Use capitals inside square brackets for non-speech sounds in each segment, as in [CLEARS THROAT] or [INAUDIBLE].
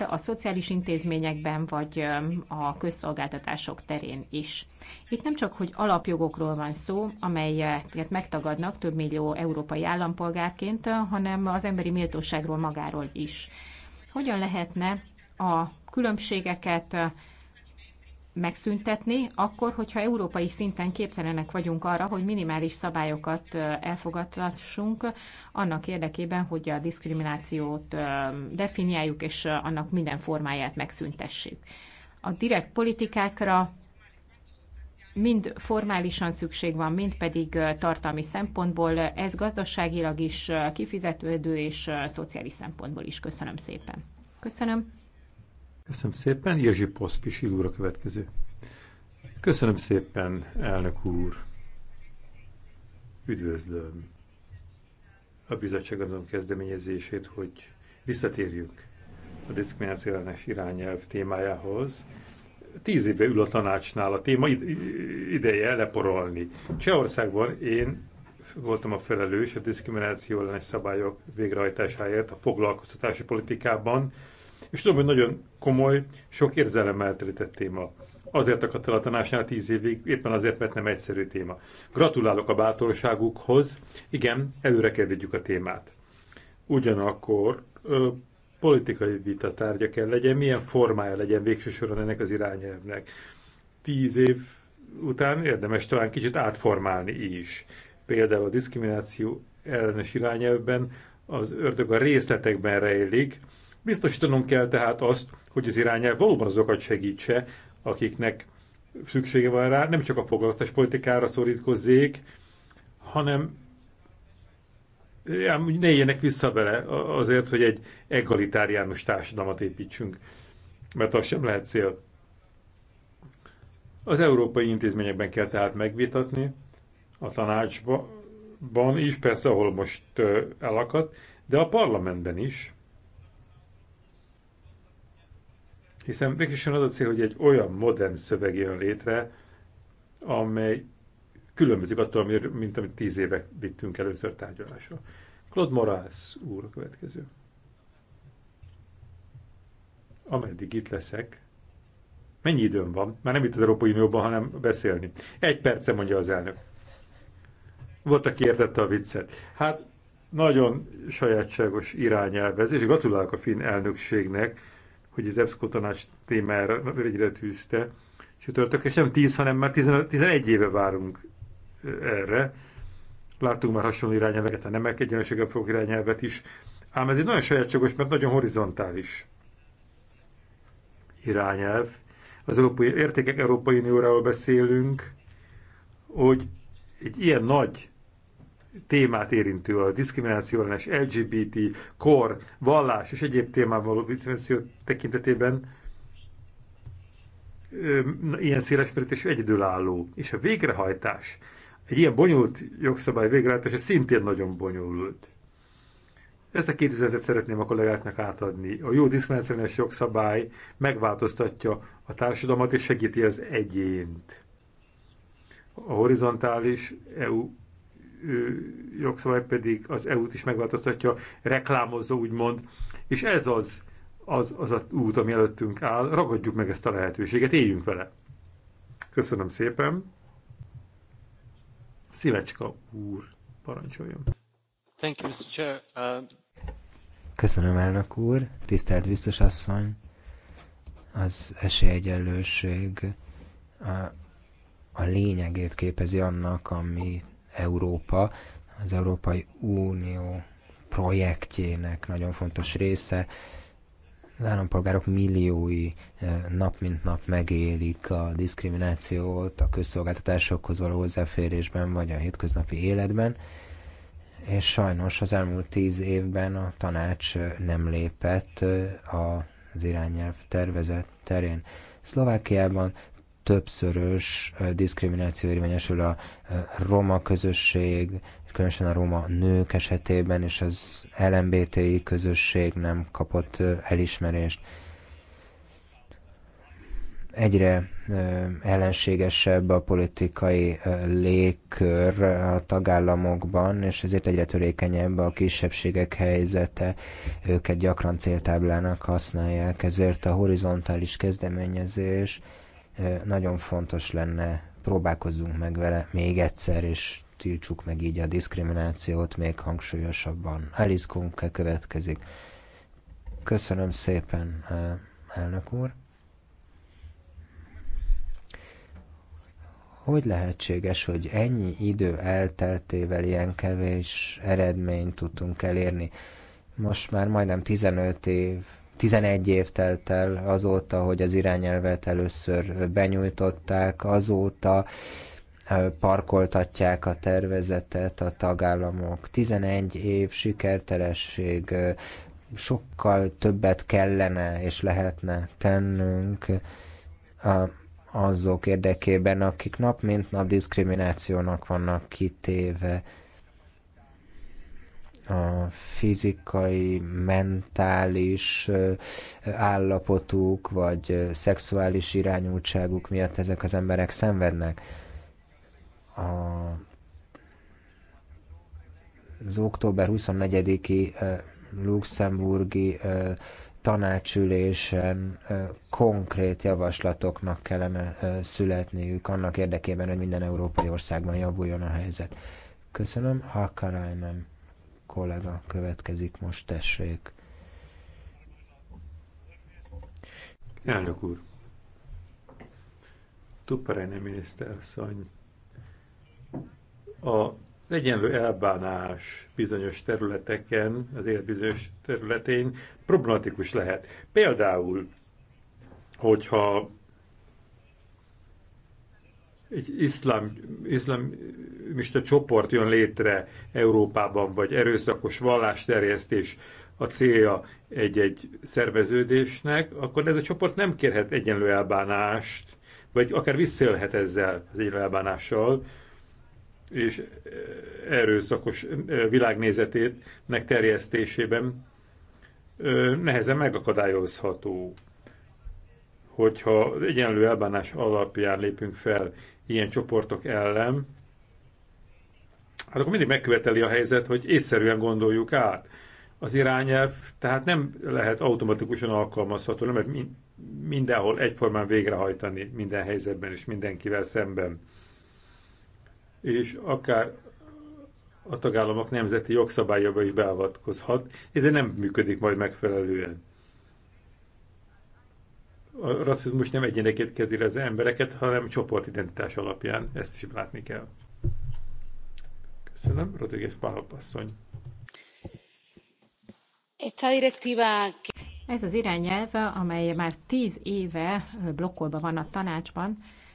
a szociális intézményekben vagy a közszolgáltatások terén is. Itt nem csak, hogy alapjogokról van szó, amelyeket megtagadnak több millió európai állampolgárként, hanem az emberi méltóságról magáról is. Hogyan lehetne a különbségeket megszüntetni, akkor, hogyha európai szinten képtelenek vagyunk arra, hogy minimális szabályokat elfogadhassunk annak érdekében, hogy a diszkriminációt definiáljuk és annak minden formáját megszüntessük. A direkt politikákra mind formálisan szükség van, mind pedig tartalmi szempontból. Ez gazdaságilag is kifizetődő és szociális szempontból is. Köszönöm szépen. Köszönöm. Köszönöm szépen, Jerzy Poszpisil úr a következő. Köszönöm szépen, elnök úr. Üdvözlöm a bizottságadom kezdeményezését, hogy visszatérjük a diszkriminációs irányelv témájához. Tíz éve ül a tanácsnál a téma ideje leporolni. Csehországban én voltam a felelős a diszkrimináció ellenes szabályok végrehajtásáért a foglalkoztatási politikában, és tudom, hogy nagyon komoly, sok érzelemmel telített téma. Azért akadt el a tanásnál tíz évig, éppen azért, mert nem egyszerű téma. Gratulálok a bátorságukhoz, igen, előre kell vigyük a témát. Ugyanakkor ö, politikai vita tárgya kell legyen, milyen formája legyen végső soron ennek az irányelvnek. Tíz év után érdemes talán kicsit átformálni is. Például a diszkrimináció ellenes irányelvben az ördög a részletekben rejlik, Biztosítanunk kell tehát azt, hogy az irányelv valóban azokat segítse, akiknek szüksége van rá, nem csak a foglalkoztatás politikára szorítkozzék, hanem ne éljenek vissza vele azért, hogy egy egalitáriánus társadalmat építsünk, mert az sem lehet cél. Az európai intézményekben kell tehát megvitatni, a tanácsban is, persze, ahol most elakadt, de a parlamentben is, Hiszen végsősorban az a cél, hogy egy olyan modern szöveg jön létre, amely különbözik attól, mint amit tíz éve vittünk először tárgyalásra. Claude Morales úr a következő. Ameddig itt leszek, mennyi időm van? Már nem itt az Európai Unióban, hanem beszélni. Egy perce mondja az elnök. Volt, aki értette a viccet. Hát nagyon sajátságos irányelvezés, és gratulálok a finn elnökségnek, hogy az EBSCO tanács témára egyre tűzte csütörtök, és nem 10, hanem már 11 éve várunk erre. Láttunk már hasonló irányelveket, a nemek egyenlőséggel fogok irányelvet is, ám ez egy nagyon sajátságos, mert nagyon horizontális irányelv. Az európai értékek Európai Unióról beszélünk, hogy egy ilyen nagy témát érintő, a diszkrimináció ellenes LGBT, kor, vallás és egyéb témával való tekintetében ilyen szélesmerítésű egyedülálló. És a végrehajtás, egy ilyen bonyolult jogszabály végrehajtása szintén nagyon bonyolult. Ezt a két üzenetet szeretném a kollégáknak átadni. A jó diszkriminációs jogszabály megváltoztatja a társadalmat és segíti az egyént. A horizontális EU jogszabály pedig az EU-t is megváltoztatja, reklámozza úgymond, és ez az, az, az a út, ami előttünk áll, ragadjuk meg ezt a lehetőséget, éljünk vele. Köszönöm szépen. Szívecska úr, parancsoljon. Thank you, Mr. Chair. Um... Köszönöm, elnök úr, tisztelt biztos asszony, az esélyegyenlőség a, a lényegét képezi annak, amit Európa, az Európai Unió projektjének nagyon fontos része. Az állampolgárok milliói eh, nap mint nap megélik a diszkriminációt a közszolgáltatásokhoz való hozzáférésben vagy a hétköznapi életben, és sajnos az elmúlt tíz évben a tanács eh, nem lépett eh, az irányelv tervezett terén. Szlovákiában többszörös diszkrimináció érvényesül a roma közösség, különösen a roma nők esetében, és az LMBTI közösség nem kapott elismerést. Egyre ellenségesebb a politikai légkör a tagállamokban, és ezért egyre törékenyebb a kisebbségek helyzete, őket gyakran céltáblának használják, ezért a horizontális kezdeményezés nagyon fontos lenne, próbálkozzunk meg vele még egyszer, és tiltsuk meg így a diszkriminációt még hangsúlyosabban. Alice Kunke következik. Köszönöm szépen, elnök úr. Hogy lehetséges, hogy ennyi idő elteltével ilyen kevés eredményt tudtunk elérni? Most már majdnem 15 év 11 év telt el azóta, hogy az irányelvet először benyújtották, azóta parkoltatják a tervezetet a tagállamok. 11 év sikertelesség, sokkal többet kellene és lehetne tennünk azok érdekében, akik nap mint nap diszkriminációnak vannak kitéve a fizikai, mentális állapotuk, vagy szexuális irányultságuk miatt ezek az emberek szenvednek. A az október 24-i luxemburgi tanácsülésen konkrét javaslatoknak kellene születniük annak érdekében, hogy minden európai országban javuljon a helyzet. Köszönöm, Hakkarainen kollega következik most, tessék. Elnök úr! Tupperene miniszterasszony, a egyenlő elbánás bizonyos területeken, az élet bizonyos területén problematikus lehet. Például, hogyha egy iszlám, iszlámista csoport jön létre Európában, vagy erőszakos vallásterjesztés a célja egy-egy szerveződésnek, akkor ez a csoport nem kérhet egyenlő elbánást, vagy akár visszélhet ezzel az egyenlő elbánással, és erőszakos világnézetét terjesztésében nehezen megakadályozható, hogyha egyenlő elbánás alapján lépünk fel ilyen csoportok ellen, hát akkor mindig megköveteli a helyzet, hogy észszerűen gondoljuk át. Az irányelv tehát nem lehet automatikusan alkalmazható, nem lehet mindenhol egyformán végrehajtani minden helyzetben és mindenkivel szemben. És akár a tagállamok nemzeti jogszabályába is beavatkozhat, ez nem működik majd megfelelően a rasszizmus nem egyeneket kezeli az embereket, hanem csoportidentitás alapján. Ezt is látni kell. Köszönöm. Rodríguez Pálap asszony. Ez az irányelve, amely már tíz éve blokkolva van a tanácsban,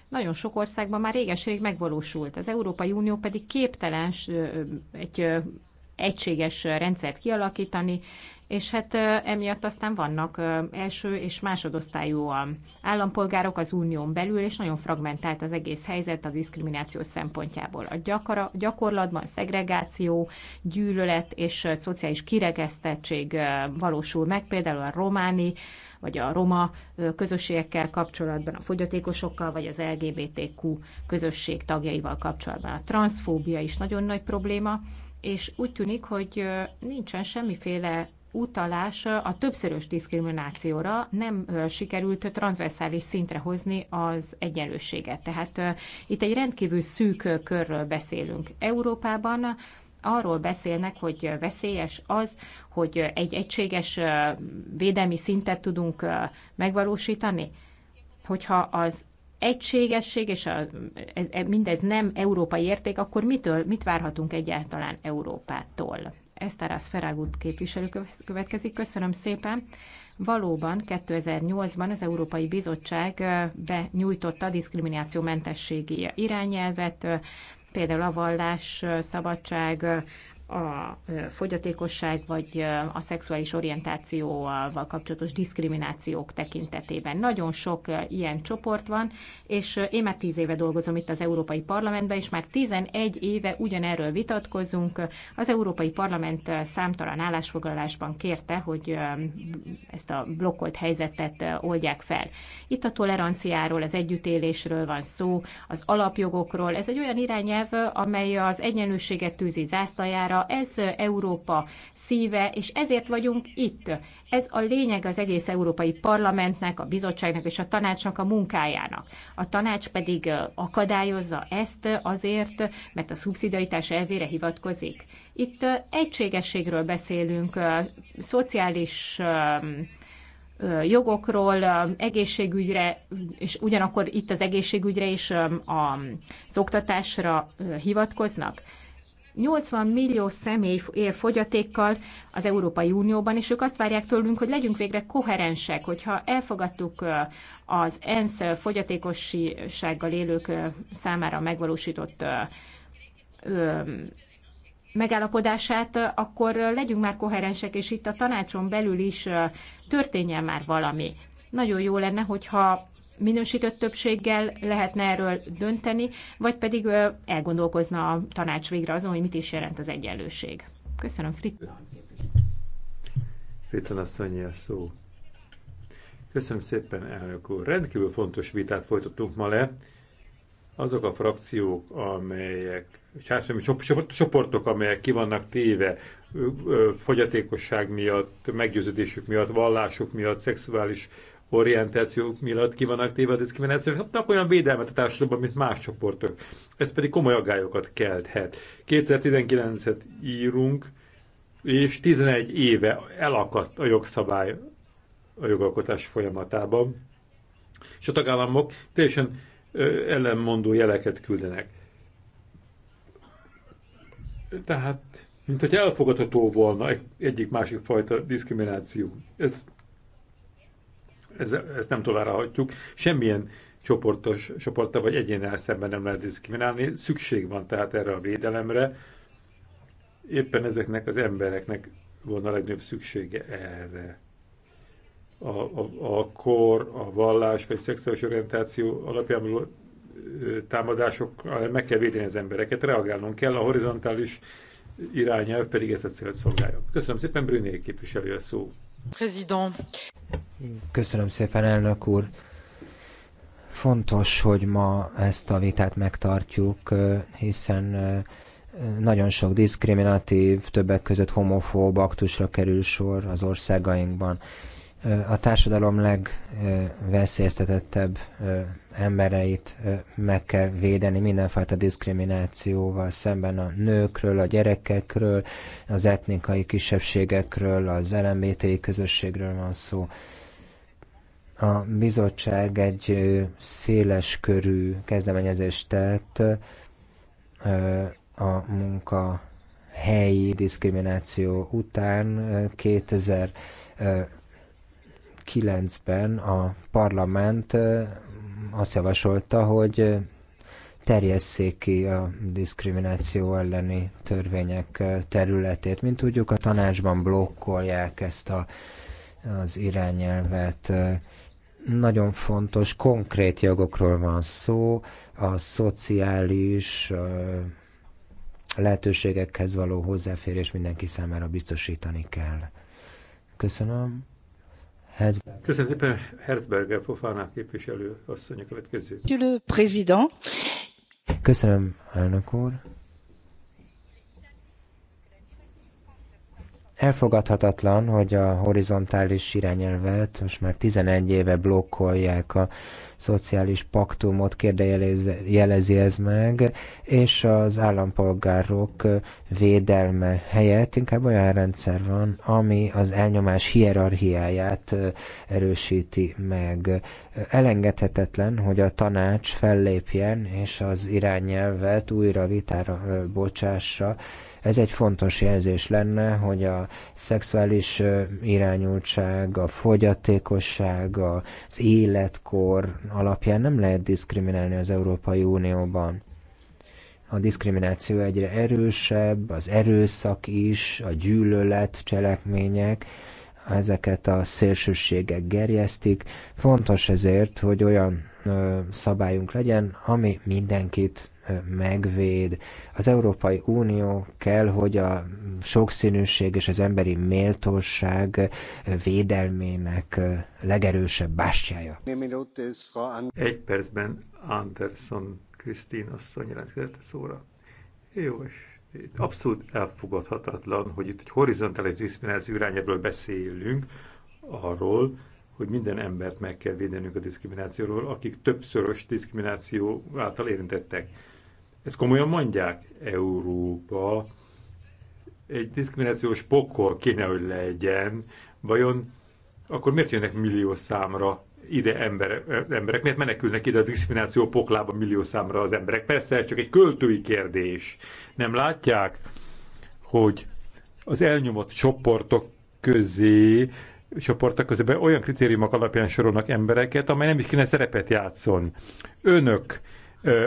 nagyon sok országban már réges-rég megvalósult. Az Európai Unió pedig képtelen egy egységes rendszert kialakítani, és hát emiatt aztán vannak első és másodosztályú állampolgárok az unión belül, és nagyon fragmentált az egész helyzet a diszkrimináció szempontjából. A gyakora, gyakorlatban szegregáció, gyűlölet és szociális kirekesztettség valósul meg, például a románi vagy a roma közösségekkel kapcsolatban, a fogyatékosokkal, vagy az LGBTQ közösség tagjaival kapcsolatban. A transzfóbia is nagyon nagy probléma, és úgy tűnik, hogy nincsen semmiféle utalás a többszörös diszkriminációra nem sikerült transzverszális szintre hozni az egyenlőséget. Tehát itt egy rendkívül szűk körről beszélünk. Európában arról beszélnek, hogy veszélyes az, hogy egy egységes védelmi szintet tudunk megvalósítani, hogyha az egységesség, és a, ez, mindez nem európai érték, akkor mitől, mit várhatunk egyáltalán Európától? Esztárász Feragut képviselő következik. Köszönöm szépen. Valóban 2008-ban az Európai Bizottság benyújtotta a diszkriminációmentességi irányelvet, például a vallás, szabadság, a fogyatékosság vagy a szexuális orientációval kapcsolatos diszkriminációk tekintetében. Nagyon sok ilyen csoport van, és én már tíz éve dolgozom itt az Európai Parlamentben, és már 11 éve ugyanerről vitatkozunk. Az Európai Parlament számtalan állásfoglalásban kérte, hogy ezt a blokkolt helyzetet oldják fel. Itt a toleranciáról, az együttélésről van szó, az alapjogokról. Ez egy olyan irányelv, amely az egyenlőséget tűzi zászlajára, számára, ez Európa szíve, és ezért vagyunk itt. Ez a lényeg az egész Európai Parlamentnek, a bizottságnak és a tanácsnak a munkájának. A tanács pedig akadályozza ezt azért, mert a szubszidaritás elvére hivatkozik. Itt egységességről beszélünk, szociális jogokról, egészségügyre, és ugyanakkor itt az egészségügyre és az oktatásra hivatkoznak. 80 millió személy él fogyatékkal az Európai Unióban, és ők azt várják tőlünk, hogy legyünk végre koherensek, hogyha elfogadtuk az ENSZ fogyatékossággal élők számára megvalósított megállapodását, akkor legyünk már koherensek, és itt a tanácson belül is történjen már valami. Nagyon jó lenne, hogyha minősített többséggel lehetne erről dönteni, vagy pedig elgondolkozna a tanács végre azon, hogy mit is jelent az egyenlőség. Köszönöm, Fritz. Fritz asszonyi a szó. Köszönöm szépen, elnök úr. Rendkívül fontos vitát folytattunk ma le. Azok a frakciók, amelyek, társadalmi csoportok, amelyek ki vannak téve fogyatékosság miatt, meggyőződésük miatt, vallásuk miatt, szexuális orientációk miatt ki vannak téve a diszkriminációk, kapnak olyan védelmet a társadalomban, mint más csoportok. Ez pedig komoly aggályokat kelthet. 2019-et írunk, és 11 éve elakadt a jogszabály a jogalkotás folyamatában, és a tagállamok teljesen ellenmondó jeleket küldenek. Tehát, mint hogy elfogadható volna egyik-másik fajta diszkrimináció. Ez ez, ezt nem tolerálhatjuk. Semmilyen csoportos, csoporta vagy egyénel szemben nem lehet diszkriminálni. Szükség van tehát erre a védelemre. Éppen ezeknek az embereknek van a legnagyobb szüksége erre. A, a, a kor, a vallás vagy szexuális orientáció alapján támadások meg kell védeni az embereket, reagálnunk kell, a horizontális irányelv pedig ezt a célt szolgálja. Köszönöm szépen, Brünél képviselő a szó. Köszönöm szépen, elnök úr. Fontos, hogy ma ezt a vitát megtartjuk, hiszen nagyon sok diszkriminatív, többek között homofób aktusra kerül sor az országainkban a társadalom legveszélyeztetettebb embereit meg kell védeni mindenfajta diszkriminációval szemben a nőkről, a gyerekekről, az etnikai kisebbségekről, az LMBT közösségről van szó. A bizottság egy széles körű kezdeményezést tett a munka helyi diszkrimináció után 2000 2009-ben a parlament azt javasolta, hogy terjesszék ki a diszkrimináció elleni törvények területét. Mint tudjuk, a tanácsban blokkolják ezt a, az irányelvet. Nagyon fontos, konkrét jogokról van szó, a szociális lehetőségekhez való hozzáférés mindenki számára biztosítani kell. Köszönöm. Köszönöm szépen, Herzberger Fofana képviselő asszony a következő. Köszönöm, elnök úr. Elfogadhatatlan, hogy a horizontális irányelvet most már 11 éve blokkolják a szociális paktumot, kérdejelezi ez meg, és az állampolgárok védelme helyett inkább olyan rendszer van, ami az elnyomás hierarchiáját erősíti meg. Elengedhetetlen, hogy a tanács fellépjen, és az irányelvet újra vitára bocsássa, ez egy fontos jelzés lenne, hogy a szexuális irányultság, a fogyatékosság, az életkor alapján nem lehet diszkriminálni az Európai Unióban a diszkrimináció egyre erősebb, az erőszak is, a gyűlölet cselekmények, ezeket a szélsőségek gerjesztik. Fontos ezért, hogy olyan ö, szabályunk legyen, ami mindenkit megvéd. Az Európai Unió kell, hogy a sokszínűség és az emberi méltóság védelmének legerősebb bástyája. Egy percben Anderson Krisztin asszony jelentkezett szóra. Jó, és abszolút elfogadhatatlan, hogy itt egy horizontális diszkrimináció irányából beszélünk, arról, hogy minden embert meg kell védenünk a diszkriminációról, akik többszörös diszkrimináció által érintettek ezt komolyan mondják? Európa egy diszkriminációs pokol kéne, hogy legyen. Vajon akkor miért jönnek millió számra ide emberek, emberek, miért menekülnek ide a diszkrimináció poklába millió számra az emberek? Persze, ez csak egy költői kérdés. Nem látják, hogy az elnyomott csoportok közé csoportok közében olyan kritériumok alapján sorolnak embereket, amely nem is kéne szerepet játszon. Önök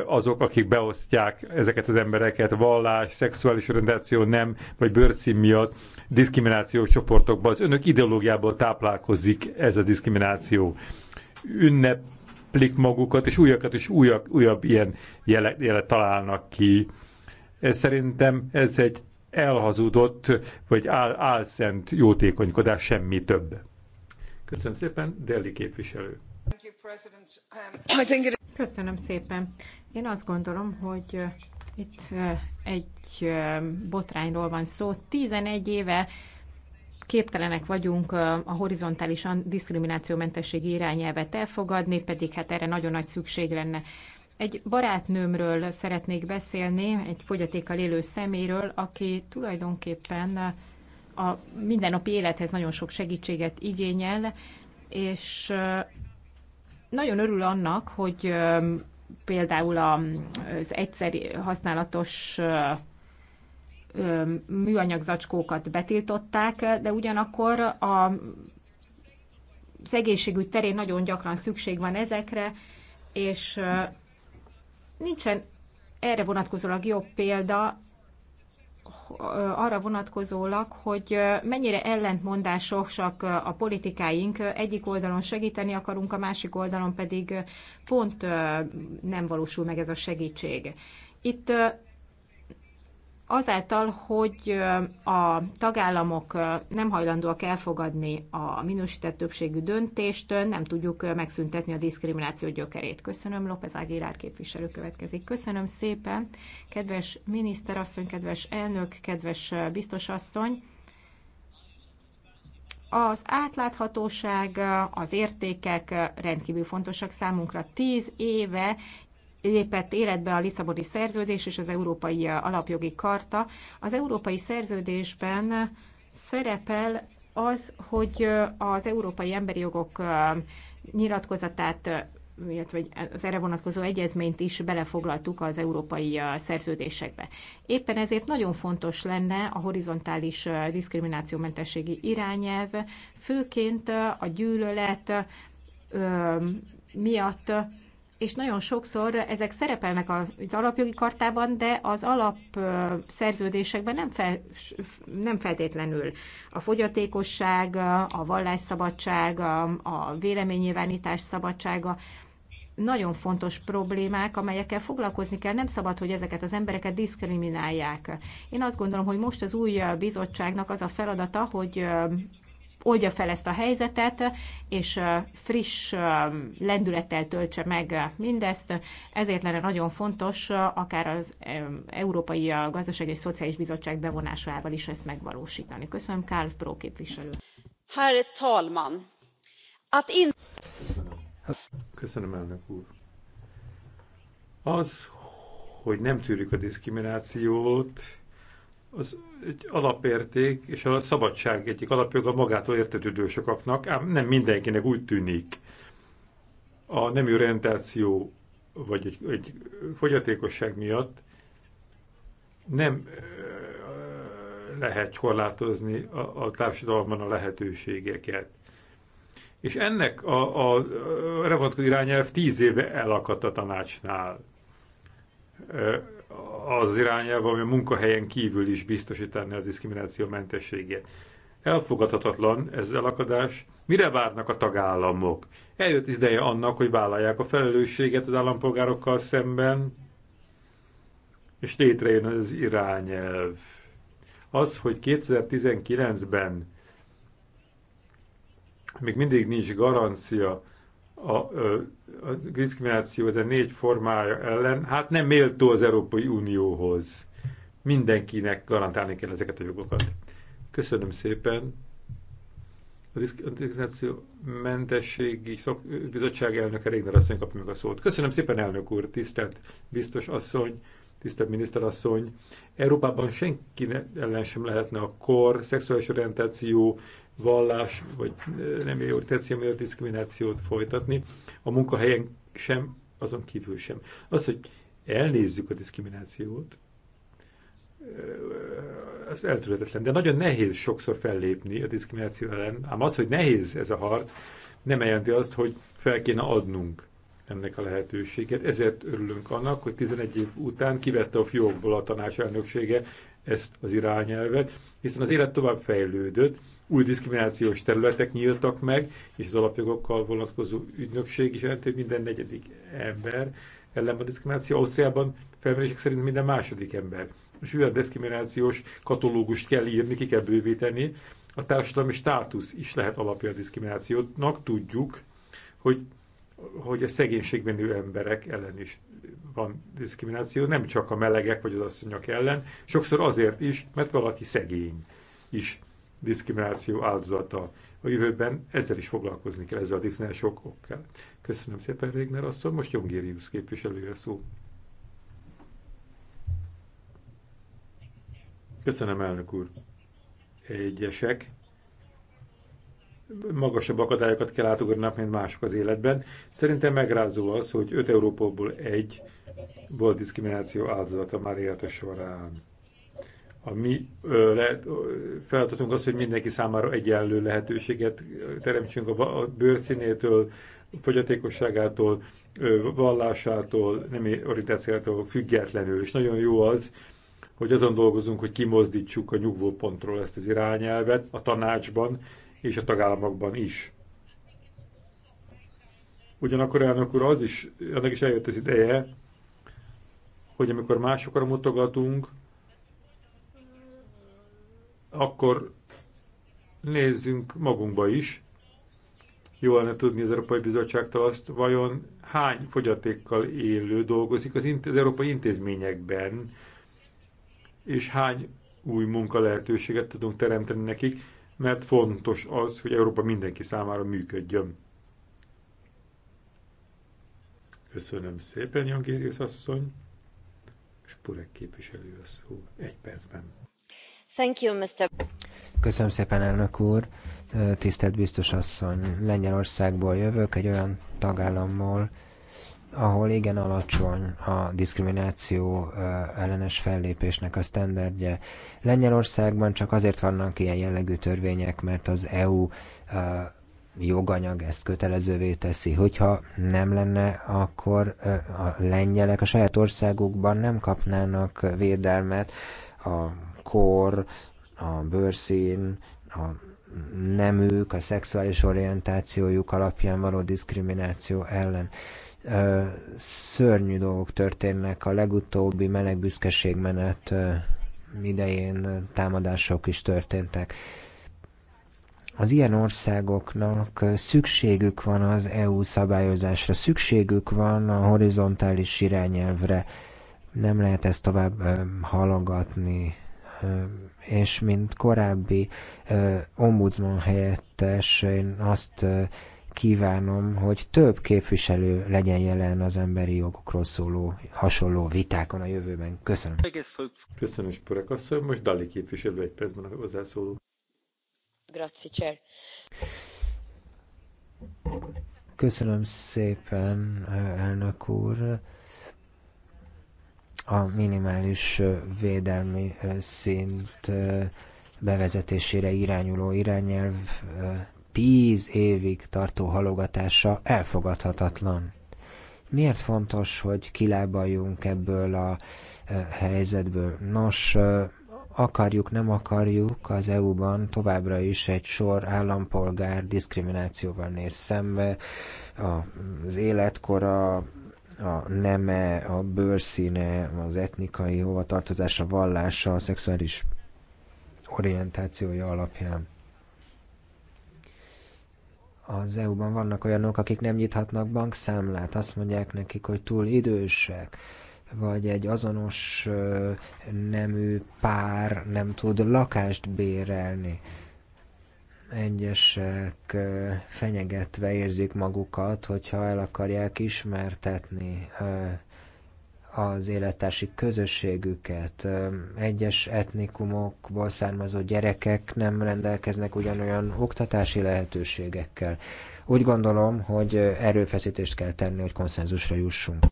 azok, akik beosztják ezeket az embereket vallás, szexuális orientáció, nem, vagy bőrszín miatt diszkriminációs csoportokba. Az önök ideológiából táplálkozik ez a diszkrimináció. Ünneplik magukat, és újakat és újabb, újabb ilyen jelet, jelet találnak ki. Ez szerintem ez egy elhazudott, vagy ál, álszent jótékonykodás, semmi több. Köszönöm szépen, Deli képviselő. Köszönöm szépen. Én azt gondolom, hogy itt egy botrányról van szó. 11 éve képtelenek vagyunk a horizontális diszkriminációmentességi irányelvet elfogadni, pedig hát erre nagyon nagy szükség lenne. Egy barátnőmről szeretnék beszélni, egy fogyatékkal élő szeméről, aki tulajdonképpen a mindennapi élethez nagyon sok segítséget igényel, és nagyon örül annak, hogy például az egyszeri használatos műanyag zacskókat betiltották, de ugyanakkor a szegénységügy terén nagyon gyakran szükség van ezekre, és nincsen erre vonatkozólag jobb példa, arra vonatkozólag, hogy mennyire ellentmondásosak a politikáink, egyik oldalon segíteni akarunk, a másik oldalon pedig pont nem valósul meg ez a segítség. Itt azáltal, hogy a tagállamok nem hajlandóak elfogadni a minősített többségű döntést, nem tudjuk megszüntetni a diszkrimináció gyökerét. Köszönöm, López Ágirár képviselő következik. Köszönöm szépen, kedves miniszterasszony, kedves elnök, kedves biztosasszony. Az átláthatóság, az értékek rendkívül fontosak számunkra. Tíz éve lépett életbe a Lisszaboni szerződés és az Európai Alapjogi Karta. Az Európai Szerződésben szerepel az, hogy az Európai Emberi Jogok nyilatkozatát illetve az erre vonatkozó egyezményt is belefoglaltuk az európai szerződésekbe. Éppen ezért nagyon fontos lenne a horizontális diszkriminációmentességi irányelv, főként a gyűlölet miatt és nagyon sokszor ezek szerepelnek az alapjogi kartában, de az alapszerződésekben nem, fel, nem feltétlenül a fogyatékosság, a vallásszabadság, a véleménynyilvánítás szabadsága, nagyon fontos problémák, amelyekkel foglalkozni kell. Nem szabad, hogy ezeket az embereket diszkriminálják. Én azt gondolom, hogy most az új bizottságnak az a feladata, hogy oldja fel ezt a helyzetet, és friss lendülettel töltse meg mindezt. Ezért lenne nagyon fontos akár az Európai Gazdasági és Szociális Bizottság bevonásával is ezt megvalósítani. Köszönöm, Bró képviselő. Herr talman! At hát in... Köszönöm, elnök úr. Az, hogy nem tűrjük a diszkriminációt, az egy alapérték és a szabadság egyik alapjoga magától értetődő sokaknak, ám nem mindenkinek úgy tűnik. A nemű orientáció vagy egy, egy fogyatékosság miatt nem lehet korlátozni a, a társadalomban a lehetőségeket. És ennek a, a revontkodó irányelv tíz éve elakadt a tanácsnál az irányába, ami a munkahelyen kívül is biztosítani a diszkrimináció mentességét. Elfogadhatatlan ez akadás. Mire várnak a tagállamok? Eljött ideje annak, hogy vállalják a felelősséget az állampolgárokkal szemben, és létrejön az irányelv. Az, hogy 2019-ben még mindig nincs garancia a, a diszkrimináció ezen négy formája ellen, hát nem méltó az Európai Unióhoz. Mindenkinek garantálni kell ezeket a jogokat. Köszönöm szépen. A diszkrimináció mentességi szok, bizottság elnöke Régner asszony kapja meg a szót. Köszönöm szépen, elnök úr, tisztelt biztos asszony, tisztelt miniszter asszony Európában senki ellen sem lehetne a kor, szexuális orientáció, vallás, vagy nem orientáció miatt diszkriminációt folytatni, a munkahelyen sem, azon kívül sem. Az, hogy elnézzük a diszkriminációt, az eltörhetetlen, de nagyon nehéz sokszor fellépni a diszkrimináció ellen. Ám az, hogy nehéz ez a harc, nem jelenti azt, hogy fel kéne adnunk ennek a lehetőséget. Ezért örülünk annak, hogy 11 év után kivette a fiókból a tanács elnöksége ezt az irányelvet, hiszen az élet tovább fejlődött, új diszkriminációs területek nyíltak meg, és az alapjogokkal vonatkozó ügynökség is jelenti, hogy minden negyedik ember ellen van diszkrimináció. Ausztriában felmérések szerint minden második ember. És olyan diszkriminációs katalógust kell írni, ki kell bővíteni. A társadalmi státusz is lehet alapja a diszkriminációnak. Tudjuk, hogy hogy a szegénységben ő emberek ellen is van diszkrimináció, nem csak a melegek vagy az asszonyok ellen, sokszor azért is, mert valaki szegény is diszkrimináció áldozata. A jövőben ezzel is foglalkozni kell, ezzel a diszkrimináció okokkal. Köszönöm szépen, Régner asszony. Most Jongérius képviselője szó. Köszönöm, elnök úr. Egyesek magasabb akadályokat kell átugornak, mint mások az életben. Szerintem megrázó az, hogy öt Európából egy volt diszkrimináció áldozata már életes során a mi feladatunk az, hogy mindenki számára egyenlő lehetőséget teremtsünk a, bőrszínétől, fogyatékosságától, vallásától, nem orientációtól függetlenül. És nagyon jó az, hogy azon dolgozunk, hogy kimozdítsuk a nyugvópontról ezt az irányelvet a tanácsban és a tagállamokban is. Ugyanakkor elnök úr, az is, annak is eljött az ideje, hogy amikor másokra mutogatunk, akkor nézzünk magunkba is. Jó lenne tudni az Európai Bizottságtól azt, vajon hány fogyatékkal élő dolgozik az, az európai intézményekben, és hány új munka lehetőséget tudunk teremteni nekik, mert fontos az, hogy Európa mindenki számára működjön. Köszönöm szépen, Jangérius asszony, és Purek képviselő a szó egy percben. Köszönöm szépen, elnök úr. Tisztelt biztos asszony, Lengyelországból jövök, egy olyan tagállammal, ahol igen alacsony a diszkrimináció ellenes fellépésnek a sztenderdje. Lengyelországban csak azért vannak ilyen jellegű törvények, mert az EU joganyag ezt kötelezővé teszi. Hogyha nem lenne, akkor a lengyelek a saját országukban nem kapnának védelmet a kor, a bőrszín, a nemük, a szexuális orientációjuk alapján való diszkrimináció ellen. Szörnyű dolgok történnek. A legutóbbi meleg büszkeségmenet idején támadások is történtek. Az ilyen országoknak szükségük van az EU szabályozásra, szükségük van a horizontális irányelvre. Nem lehet ezt tovább halogatni és mint korábbi ombudsman helyettes, én azt kívánom, hogy több képviselő legyen jelen az emberi jogokról szóló hasonló vitákon a jövőben. Köszönöm. Köszönöm, Spurek asszony. Most Dali képviselő egy percben a hozzászóló. Grazie, Chair. Köszönöm szépen, elnök úr a minimális védelmi szint bevezetésére irányuló irányelv tíz évig tartó halogatása elfogadhatatlan. Miért fontos, hogy kilábaljunk ebből a helyzetből? Nos, akarjuk, nem akarjuk, az EU-ban továbbra is egy sor állampolgár diszkriminációval néz szembe, az életkora, a neme, a bőrszíne, az etnikai hovatartozása, vallása, a szexuális orientációja alapján. Az EU-ban vannak olyanok, akik nem nyithatnak bankszámlát, azt mondják nekik, hogy túl idősek, vagy egy azonos nemű pár nem tud lakást bérelni egyesek fenyegetve érzik magukat, hogyha el akarják ismertetni az élettársi közösségüket. Egyes etnikumokból származó gyerekek nem rendelkeznek ugyanolyan oktatási lehetőségekkel. Úgy gondolom, hogy erőfeszítést kell tenni, hogy konszenzusra jussunk.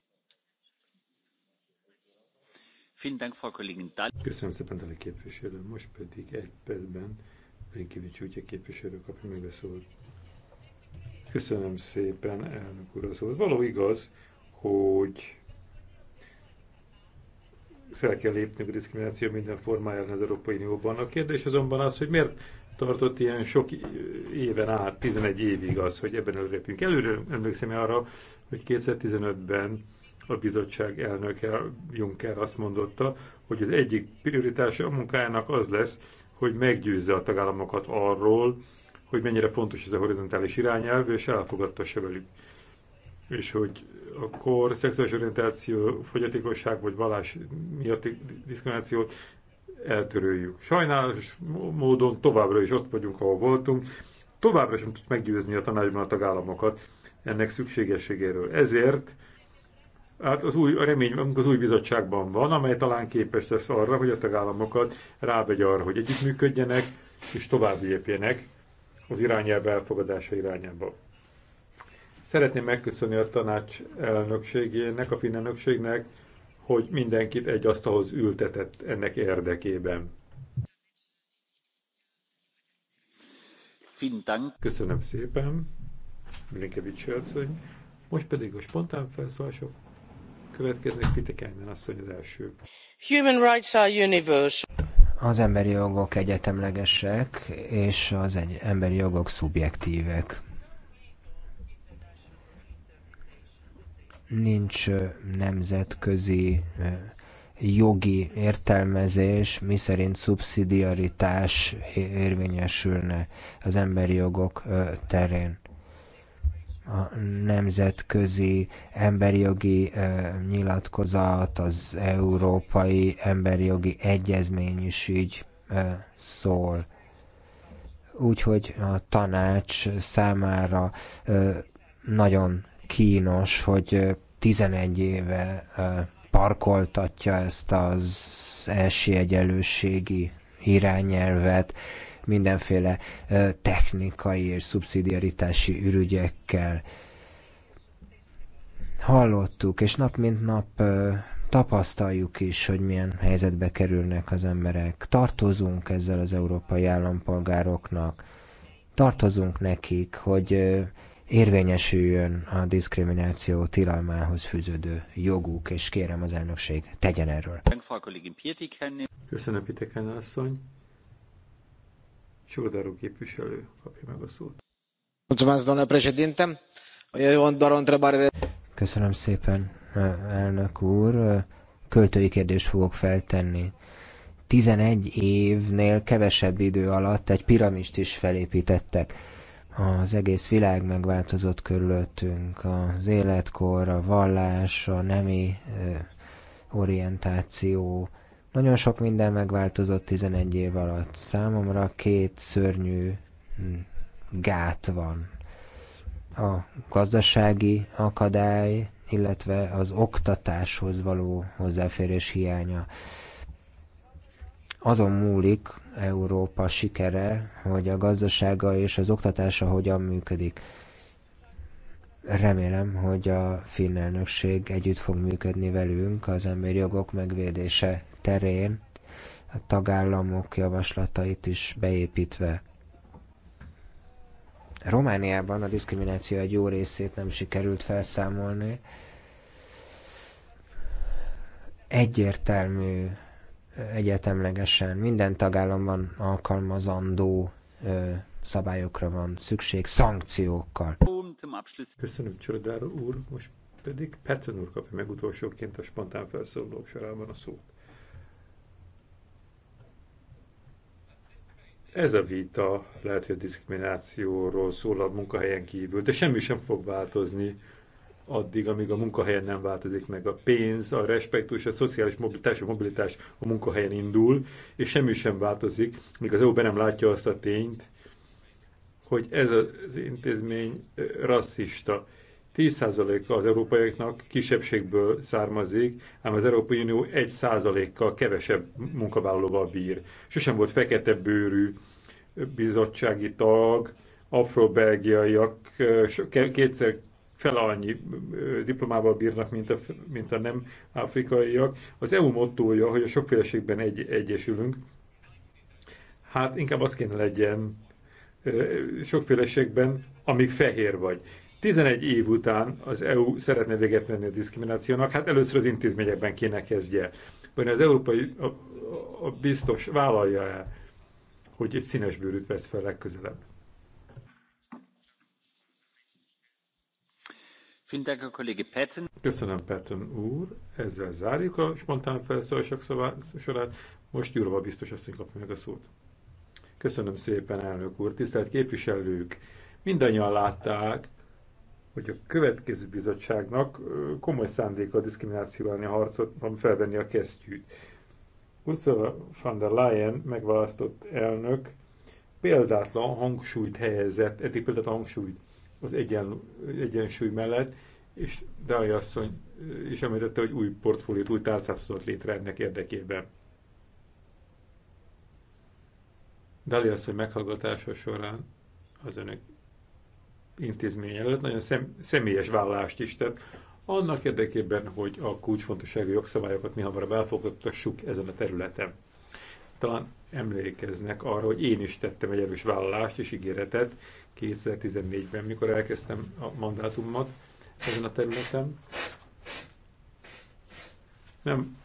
Köszönöm szépen, Dali képviselő. Most pedig egy percben Blinkevics útja képviselő kapja meg a szót. Köszönöm szépen, elnök úr, a szót. Való igaz, hogy fel kell lépnünk a diszkrimináció minden formáján az Európai Unióban. A kérdés azonban az, hogy miért tartott ilyen sok éven át, 11 évig az, hogy ebben előrepünk. Előre emlékszem arra, hogy 2015-ben a bizottság elnöke Juncker azt mondotta, hogy az egyik prioritása a munkájának az lesz, hogy meggyőzze a tagállamokat arról, hogy mennyire fontos ez a horizontális irányelv, és se velük. És hogy akkor szexuális orientáció, fogyatékosság vagy vallás miatti diszkriminációt eltöröljük. Sajnálatos módon továbbra is ott vagyunk, ahol voltunk, továbbra sem tud meggyőzni a tanácsban a tagállamokat ennek szükségességéről. Ezért Hát az új, a remény az új bizottságban van, amely talán képes lesz arra, hogy a tagállamokat rávegy arra, hogy együttműködjenek, és tovább lépjenek az irányelv elfogadása irányába. Szeretném megköszönni a tanács elnökségének, a finnelnökségnek, hogy mindenkit egy asztalhoz ültetett ennek érdekében. Köszönöm szépen, Blinkevics Herceg. Most pedig a spontán felszólások Következnek Pitekájnen asszony az első. Human rights are universal. Az emberi jogok egyetemlegesek, és az emberi jogok szubjektívek. Nincs nemzetközi jogi értelmezés, miszerint szubszidiaritás érvényesülne az emberi jogok terén a nemzetközi emberi jogi nyilatkozat, az Európai Emberi Jogi Egyezmény is így szól. Úgyhogy a tanács számára nagyon kínos, hogy 11 éve parkoltatja ezt az első egyenlőségi irányelvet, mindenféle technikai és szubszidiaritási ürügyekkel. Hallottuk, és nap mint nap tapasztaljuk is, hogy milyen helyzetbe kerülnek az emberek. Tartozunk ezzel az európai állampolgároknak, tartozunk nekik, hogy érvényesüljön a diszkrimináció tilalmához fűződő joguk, és kérem az elnökség tegyen erről. Köszönöm, Piteken asszony. Csurdarú képviselő kapja meg a szót. Domnule președinte, eu doar o întrebare. Köszönöm szépen, elnök úr. Költői kérdést fogok feltenni. 11 évnél kevesebb idő alatt egy piramist is felépítettek. Az egész világ megváltozott körülöttünk, az életkor, a vallás, a nemi orientáció, nagyon sok minden megváltozott 11 év alatt. Számomra két szörnyű hm, gát van. A gazdasági akadály, illetve az oktatáshoz való hozzáférés hiánya. Azon múlik Európa sikere, hogy a gazdasága és az oktatása hogyan működik. Remélem, hogy a finn elnökség együtt fog működni velünk az emberi jogok megvédése terén a tagállamok javaslatait is beépítve. Romániában a diszkrimináció egy jó részét nem sikerült felszámolni. Egyértelmű, egyetemlegesen minden tagállamban alkalmazandó ö, szabályokra van szükség, szankciókkal. Köszönöm Csodár úr, most pedig Petten úr kapja meg utolsóként a spontán felszólalók sorában a szót. Ez a vita lehet, hogy a diszkriminációról szól a munkahelyen kívül, de semmi sem fog változni addig, amíg a munkahelyen nem változik meg a pénz, a respektus, a szociális mobilitás, a mobilitás a munkahelyen indul, és semmi sem változik, míg az EU be nem látja azt a tényt, hogy ez az intézmény rasszista 10%-a az európaiaknak kisebbségből származik, ám az Európai Unió 1%-kal kevesebb munkavállalóval bír. Sosem volt fekete bőrű bizottsági tag, afro-belgiaiak eh, kétszer fele annyi eh, diplomával bírnak, mint a, mint a nem afrikaiak. Az EU mottója, hogy a sokféleségben egy, egyesülünk, hát inkább az kéne legyen eh, sokféleségben, amíg fehér vagy. 11 év után az EU szeretne véget venni a diszkriminációnak, hát először az intézményekben kéne kezdje. Vagy az európai a, a biztos vállalja el, hogy egy színes bőrűt vesz fel legközelebb? Köszönöm, Patton úr. Ezzel zárjuk a spontán felszólások sorát. Most Gyurva biztos asszony kapja meg a szót. Köszönöm szépen, elnök úr. Tisztelt képviselők! Mindannyian látták, hogy a következő bizottságnak komoly szándéka a diszkrimináció elleni harcot, felvenni a kesztyűt. Ursula von der Leyen megválasztott elnök példátlan hangsúlyt helyezett, eddig példátlan hangsúlyt az egyen, egyensúly mellett, és Dali asszony is említette, hogy új portfóliót, új tárcát hozott létre ennek érdekében. Dali asszony meghallgatása során az önök intézmény előtt nagyon szem, személyes vállalást is tett, annak érdekében, hogy a kulcsfontosságú jogszabályokat mi hamarabb elfogadtassuk ezen a területen. Talán emlékeznek arra, hogy én is tettem egy erős vállalást és ígéretet 2014-ben, mikor elkezdtem a mandátumot, ezen a területen. Nem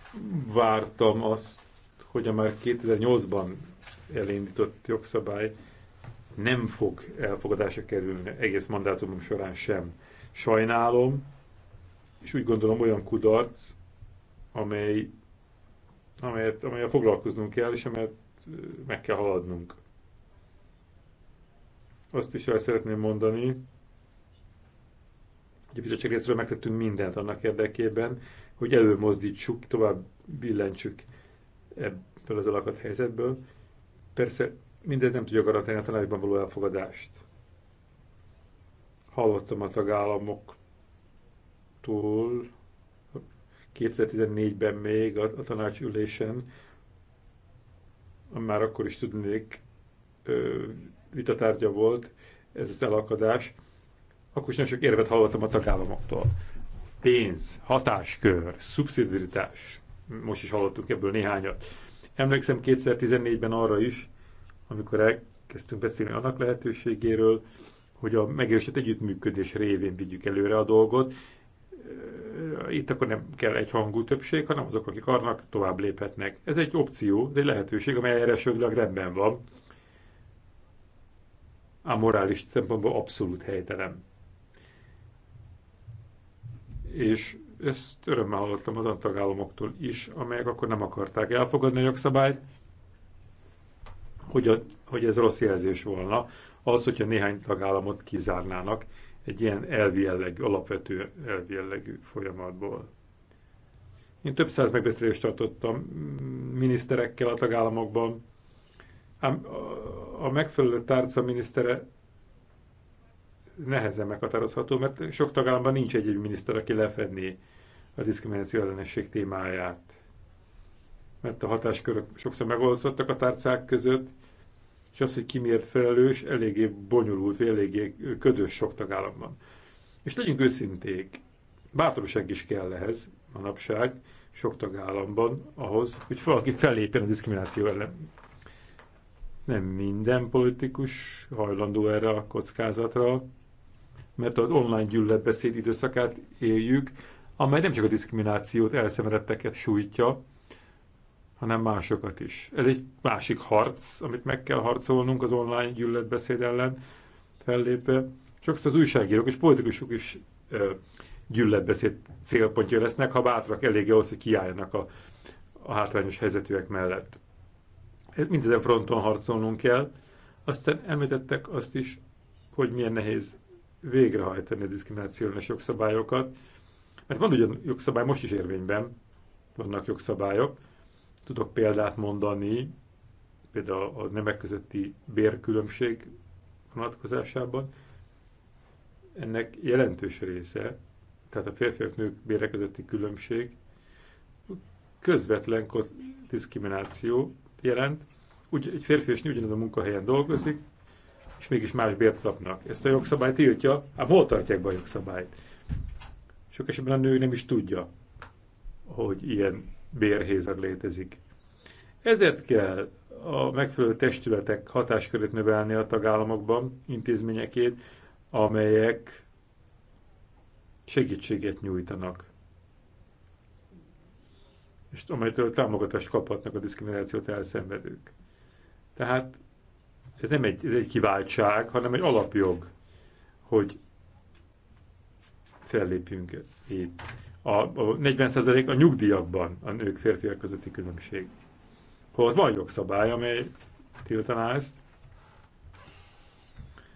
vártam azt, hogy a már 2008-ban elindított jogszabály nem fog elfogadásra kerülni egész mandátumom során sem. Sajnálom, és úgy gondolom olyan kudarc, amely, amelyet, amelyet foglalkoznunk kell, és amelyet meg kell haladnunk. Azt is el szeretném mondani, hogy a bizottság részéről megtettünk mindent annak érdekében, hogy előmozdítsuk, tovább billentsük ebből az alakadt helyzetből. Persze mindez nem tudja garantálni a tanácsban való elfogadást. Hallottam a tagállamoktól 2014-ben még a, a tanács ülésen, már akkor is tudnék, vitatárgya volt ez az elakadás, akkor is nagyon sok érvet hallottam a tagállamoktól. Pénz, hatáskör, szubszidiritás, most is hallottunk ebből néhányat. Emlékszem 2014-ben arra is, amikor elkezdtünk beszélni annak lehetőségéről, hogy a megerősített együttműködés révén vigyük előre a dolgot. Itt akkor nem kell egyhangú többség, hanem azok, akik arnak tovább léphetnek. Ez egy opció, de egy lehetőség, amely elsőleg rendben van. A morális szempontból abszolút helytelen. És ezt örömmel hallottam az antagállamoktól is, amelyek akkor nem akarták elfogadni a jogszabályt, hogy, a, hogy ez rossz jelzés volna, az, hogyha néhány tagállamot kizárnának egy ilyen elvi jellegű, alapvető elvi jellegű folyamatból. Én több száz megbeszélést tartottam miniszterekkel a tagállamokban, ám a megfelelő tárca minisztere nehezen meghatározható, mert sok tagállamban nincs egy, -egy miniszter, aki lefedné a diszkrimináció ellenesség témáját mert a hatáskörök sokszor megoldottak a tárcák között, és az, hogy ki miért felelős, eléggé bonyolult, vagy eléggé ködös sok tagállamban. És legyünk őszinték, bátorság is kell ehhez manapság, sok tagállamban ahhoz, hogy valaki fellépjen a diszkrimináció ellen. Nem minden politikus hajlandó erre a kockázatra, mert az online gyűlöletbeszéd időszakát éljük, amely nem csak a diszkriminációt elszemeretteket sújtja, hanem másokat is. Ez egy másik harc, amit meg kell harcolnunk az online gyűlöletbeszéd ellen fellépve. Sokszor az újságírók és politikusok is ö, gyűlöletbeszéd célpontja lesznek, ha bátrak elég ahhoz, hogy kiálljanak a, a hátrányos helyzetűek mellett. Mindezen fronton harcolnunk kell. Aztán említettek azt is, hogy milyen nehéz végrehajtani a diszkriminációs jogszabályokat, mert van ugyan jogszabály most is érvényben, vannak jogszabályok, Tudok példát mondani, például a nemek közötti bérkülönbség vonatkozásában. Ennek jelentős része, tehát a férfiak nők bére közötti különbség közvetlen diszkrimináció jelent. Úgy, egy férfi és nő ugyanaz a munkahelyen dolgozik, és mégis más bért kapnak. Ezt a jogszabály tiltja, ám hol tartják be a jogszabályt? Sok esetben a nő nem is tudja, hogy ilyen bérhézer létezik. Ezért kell a megfelelő testületek hatáskörét növelni a tagállamokban, intézményekét, amelyek segítséget nyújtanak, és amelytől támogatást kaphatnak a diszkriminációt elszenvedők. Tehát ez nem egy, ez egy kiváltság, hanem egy alapjog, hogy fellépjünk itt a, a 40% a nyugdíjakban a nők férfiak közötti különbség. az van jogszabály, amely tiltaná ezt.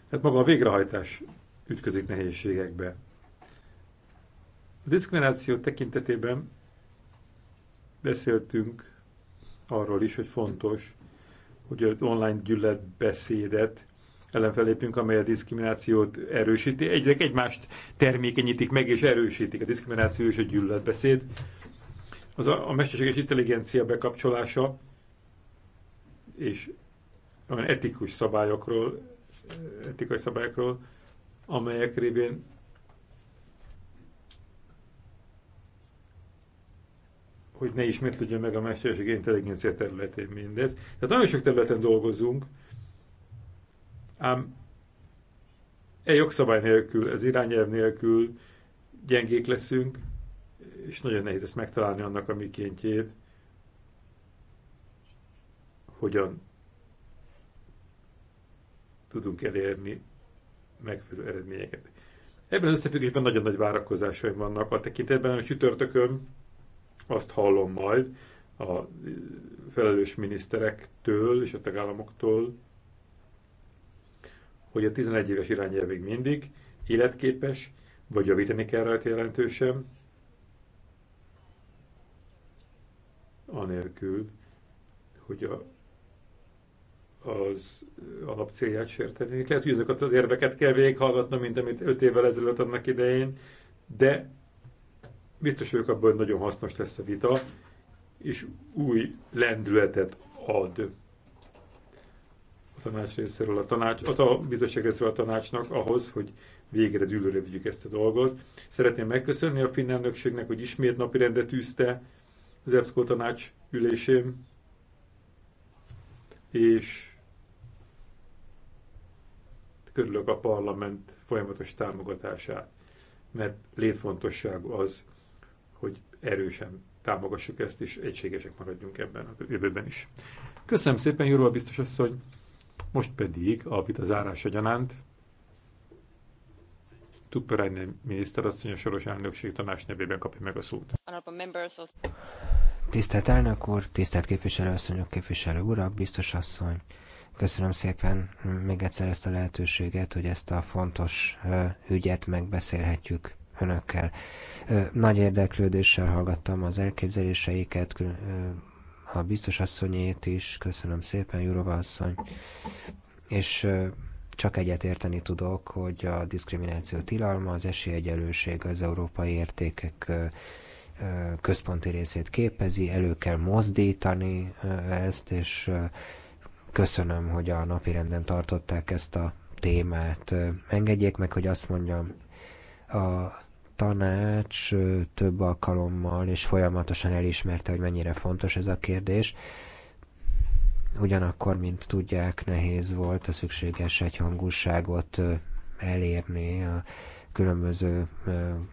Tehát maga a végrehajtás ütközik nehézségekbe. A diszkrimináció tekintetében beszéltünk arról is, hogy fontos, hogy az online gyűlöletbeszédet ellen fellépünk, amely a diszkriminációt erősíti. Egyek egymást termékenyítik meg és erősítik a diszkrimináció és a gyűlöletbeszéd. Az a, a mesterséges intelligencia bekapcsolása és olyan etikus szabályokról, etikai szabályokról, amelyek révén hogy ne ismétlődjön meg a mesterség intelligencia területén mindez. Tehát nagyon sok területen dolgozunk, Ám e jogszabály nélkül, az irányelv nélkül gyengék leszünk, és nagyon nehéz ezt megtalálni annak a mikéntjét, hogyan tudunk elérni megfelelő eredményeket. Ebben az összefüggésben nagyon nagy várakozásaim vannak a tekintetben, a csütörtökön azt hallom majd a felelős miniszterektől és a tagállamoktól, hogy a 11 éves irányelv még mindig életképes, vagy javítani kell rajta jelentősen, anélkül, hogy a, az alapcélját sértenék. Lehet, hogy ezeket az érveket kell végighallgatnom, mint amit 5 évvel ezelőtt annak idején, de biztos vagyok abban, hogy nagyon hasznos lesz a vita, és új lendületet ad a tanács részéről a tanács, a bizottság részéről a tanácsnak ahhoz, hogy végre dűlőre vigyük ezt a dolgot. Szeretném megköszönni a finn elnökségnek, hogy ismét rendet tűzte az EBSZKO tanács ülésén, és körülök a parlament folyamatos támogatását, mert létfontosság az, hogy erősen támogassuk ezt, és egységesek maradjunk ebben a jövőben is. Köszönöm szépen, Jóról biztos asszony! Most pedig a vita zárása gyanánt Tupperányi miniszterasszony a soros elnökség tanács nevében kapja meg a szót. Tisztelt elnök úr, tisztelt képviselőasszonyok, képviselő urak, biztos asszony, köszönöm szépen még egyszer ezt a lehetőséget, hogy ezt a fontos ügyet megbeszélhetjük önökkel. Nagy érdeklődéssel hallgattam az elképzeléseiket, a biztos asszonyét is, köszönöm szépen, Jurova asszony, és csak egyet érteni tudok, hogy a diszkrimináció tilalma, az esélyegyelőség az európai értékek központi részét képezi, elő kell mozdítani ezt, és köszönöm, hogy a napirenden tartották ezt a témát. Engedjék meg, hogy azt mondjam, a tanács több alkalommal és folyamatosan elismerte, hogy mennyire fontos ez a kérdés. Ugyanakkor, mint tudják, nehéz volt a szükséges egyhangúságot elérni a különböző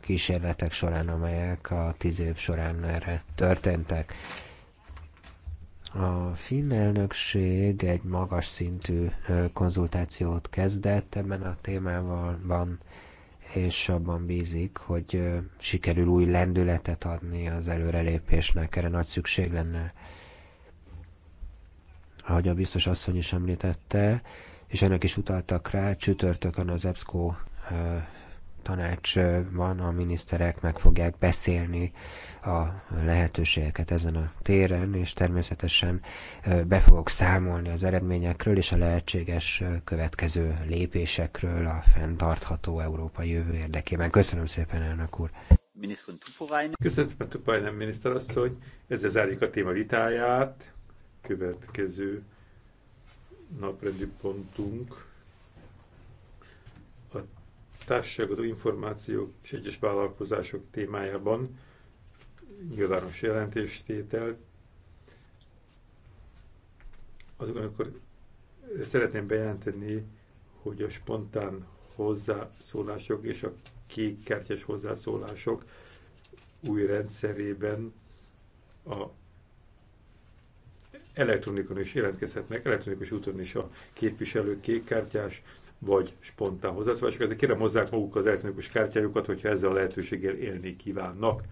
kísérletek során, amelyek a tíz év során erre történtek. A finn elnökség egy magas szintű konzultációt kezdett ebben a témában, és abban bízik, hogy sikerül új lendületet adni az előrelépésnek, erre nagy szükség lenne. Ahogy a biztos asszony is említette, és ennek is utaltak rá, csütörtökön az EBSCO tanácsban a miniszterek meg fogják beszélni a lehetőségeket ezen a téren, és természetesen be fogok számolni az eredményekről és a lehetséges következő lépésekről a fenntartható Európa jövő érdekében. Köszönöm szépen, elnök úr! Köszönöm szépen, Tupajnem miniszterasszony! Ezzel zárjuk a téma vitáját. Következő naprendi pontunk társaságadó információk és egyes vállalkozások témájában nyilvános jelentéstétel. Azokon akkor szeretném bejelenteni, hogy a spontán hozzászólások és a kék kártyás hozzászólások új rendszerében a elektronikon is jelentkezhetnek, elektronikus úton is a képviselő kékkártyás vagy spontán hozzászólások. Ezek kérem hozzák maguk az elektronikus kártyájukat, hogyha ezzel a lehetőséggel élni kívánnak.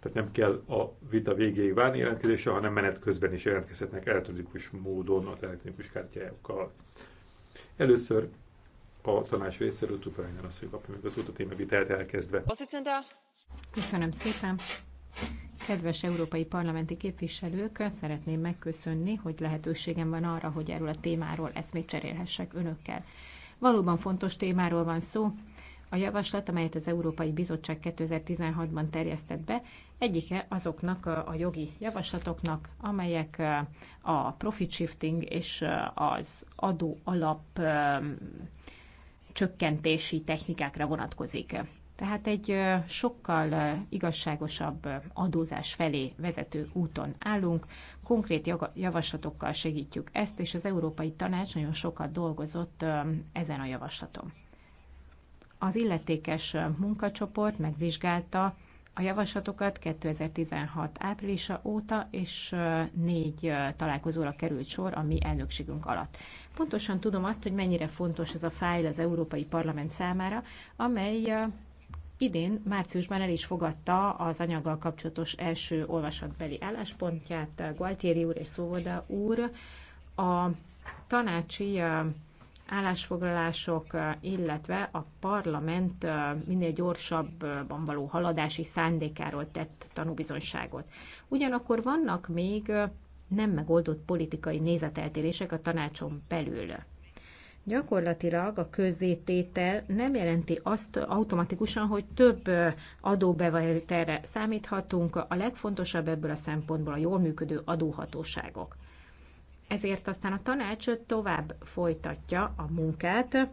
Tehát nem kell a vita végéig várni jelentkezésre, hanem menet közben is jelentkezhetnek elektronikus módon az elektronikus kártyájukkal. Először a tanács részéről Tupelányan azt, hogy kapja meg az utat, én meg vitát elkezdve. Köszönöm szépen. Kedves európai parlamenti képviselők, szeretném megköszönni, hogy lehetőségem van arra, hogy erről a témáról eszmét cserélhessek önökkel. Valóban fontos témáról van szó. A javaslat, amelyet az Európai Bizottság 2016-ban terjesztett be, egyike azoknak a jogi javaslatoknak, amelyek a profit shifting és az adó alap csökkentési technikákra vonatkozik. Tehát egy sokkal igazságosabb adózás felé vezető úton állunk. Konkrét javaslatokkal segítjük ezt, és az Európai Tanács nagyon sokat dolgozott ezen a javaslaton. Az illetékes munkacsoport megvizsgálta a javaslatokat 2016 áprilisa óta, és négy találkozóra került sor a mi elnökségünk alatt. Pontosan tudom azt, hogy mennyire fontos ez a fájl az Európai Parlament számára, amely idén márciusban el is fogadta az anyaggal kapcsolatos első olvasatbeli álláspontját Gualtieri úr és Szóvoda úr. A tanácsi állásfoglalások, illetve a parlament minél gyorsabban való haladási szándékáról tett tanúbizonyságot. Ugyanakkor vannak még nem megoldott politikai nézeteltérések a tanácson belül. Gyakorlatilag a közzététel nem jelenti azt automatikusan, hogy több adóbevételre számíthatunk, a legfontosabb ebből a szempontból a jól működő adóhatóságok. Ezért aztán a tanács tovább folytatja a munkát,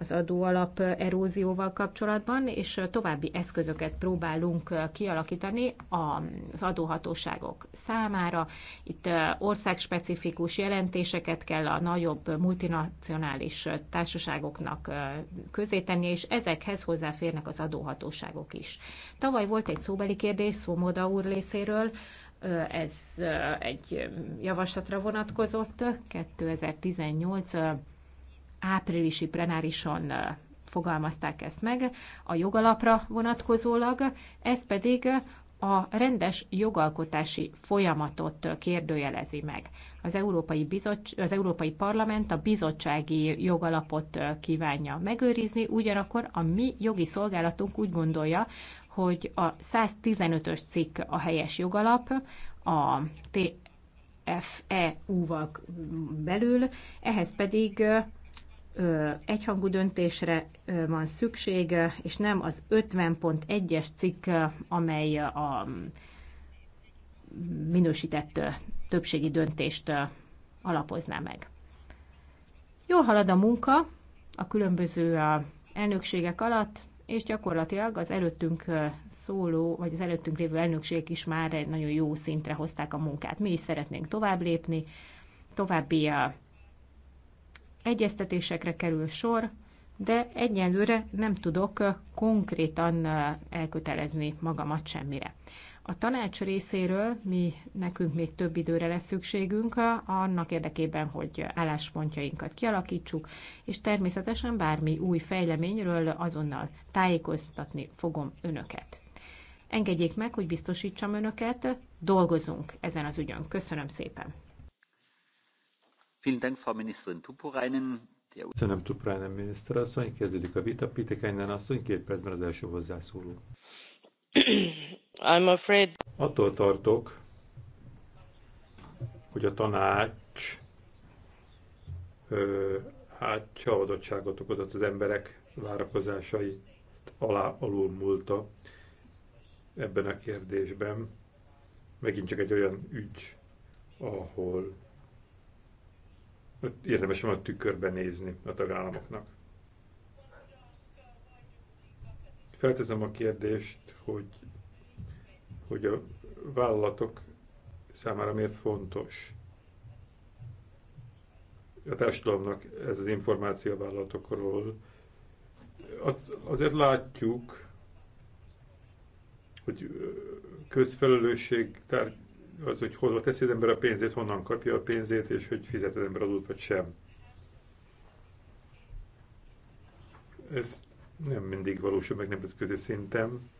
az adóalap erózióval kapcsolatban, és további eszközöket próbálunk kialakítani az adóhatóságok számára. Itt országspecifikus jelentéseket kell a nagyobb multinacionális társaságoknak közétenni, és ezekhez hozzáférnek az adóhatóságok is. Tavaly volt egy szóbeli kérdés Szomoda úr részéről, ez egy javaslatra vonatkozott, 2018 áprilisi plenárison fogalmazták ezt meg a jogalapra vonatkozólag, ez pedig a rendes jogalkotási folyamatot kérdőjelezi meg. Az Európai, Bizottság, az Európai Parlament a bizottsági jogalapot kívánja megőrizni, ugyanakkor a mi jogi szolgálatunk úgy gondolja, hogy a 115-ös cikk a helyes jogalap, a TFEU-val belül, ehhez pedig egyhangú döntésre van szükség, és nem az 50.1-es cikk, amely a minősített többségi döntést alapozná meg. Jól halad a munka a különböző elnökségek alatt, és gyakorlatilag az előttünk szóló, vagy az előttünk lévő elnökségek is már egy nagyon jó szintre hozták a munkát. Mi is szeretnénk tovább lépni, további egyeztetésekre kerül sor, de egyelőre nem tudok konkrétan elkötelezni magamat semmire. A tanács részéről mi nekünk még több időre lesz szükségünk annak érdekében, hogy álláspontjainkat kialakítsuk, és természetesen bármi új fejleményről azonnal tájékoztatni fogom önöket. Engedjék meg, hogy biztosítsam önöket, dolgozunk ezen az ügyön. Köszönöm szépen! Köszönöm Tuprainen miniszter asszony, kezdődik a vita. Pitikainen asszony, két percben az első hozzászóló. [CLEARS THROAT] I'm afraid... Attól tartok, hogy a tanács hát csalódottságot okozott az emberek várakozásait alá alul múlta ebben a kérdésben. Megint csak egy olyan ügy, ahol érdemes van a tükörbe nézni a tagállamoknak. Feltezem a kérdést, hogy, hogy a vállalatok számára miért fontos a társadalomnak ez az információ a vállalatokról. Az, azért látjuk, hogy közfelelősség tár- az, hogy hova teszi az ember a pénzét, honnan kapja a pénzét, és hogy fizet az ember adót, vagy sem. Ez nem mindig valósul meg nemzetközi szinten.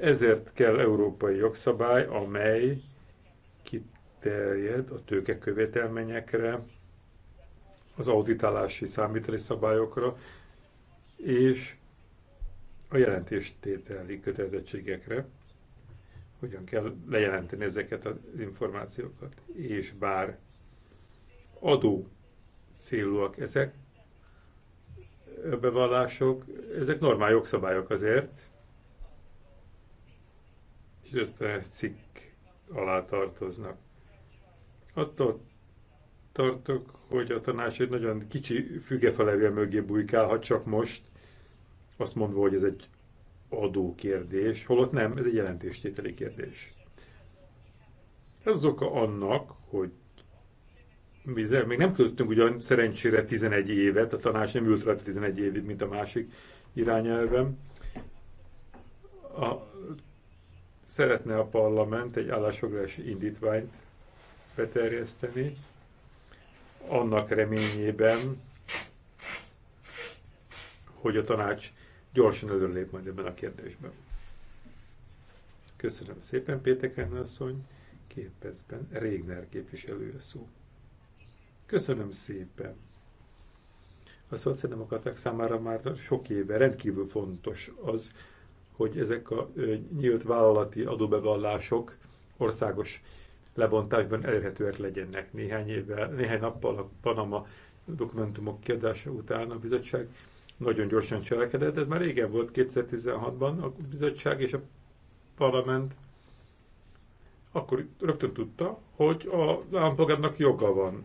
Ezért kell európai jogszabály, amely kiterjed a követelményekre, az auditálási számítani szabályokra, és a jelentéstételi kötelezettségekre hogyan kell lejelenteni ezeket az információkat. És bár adó célúak ezek, bevallások, ezek normál jogszabályok azért, és ötven cikk alá tartoznak. Attól tartok, hogy a tanács egy nagyon kicsi fügefelevél mögé bujkál, ha csak most, azt mondva, hogy ez egy adó kérdés, holott nem, ez egy jelentéstételi kérdés. Ez az oka annak, hogy bizer, még nem költöttünk ugyan szerencsére 11 évet, a tanács nem ült rajta 11 évig, mint a másik irányelven. A, szeretne a parlament egy állásfoglalási indítványt beterjeszteni, annak reményében, hogy a tanács gyorsan előrelép majd ebben a kérdésben. Köszönöm szépen, Péterkán asszony. Két percben Régner képviselője szó. Köszönöm szépen. A szociáldemokraták számára már sok éve rendkívül fontos az, hogy ezek a nyílt vállalati adóbevallások országos lebontásban elérhetőek legyenek. Néhány évvel, néhány nappal a Panama dokumentumok kiadása után a bizottság nagyon gyorsan cselekedett, ez már régebb volt 2016-ban, a bizottság és a parlament akkor rögtön tudta, hogy az állampolgárnak joga van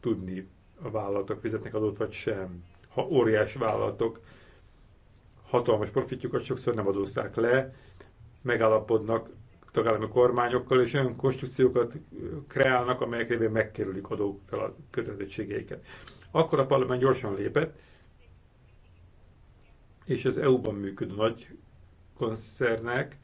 tudni, a vállalatok fizetnek adót vagy sem. Ha óriás vállalatok hatalmas profitjukat sokszor nem adózták le, megállapodnak tagállami kormányokkal, és olyan konstrukciókat kreálnak, amelyek révén megkerülik adó kötelezettségeiket. Akkor a parlament gyorsan lépett, és az EU-ban működő nagy koncernek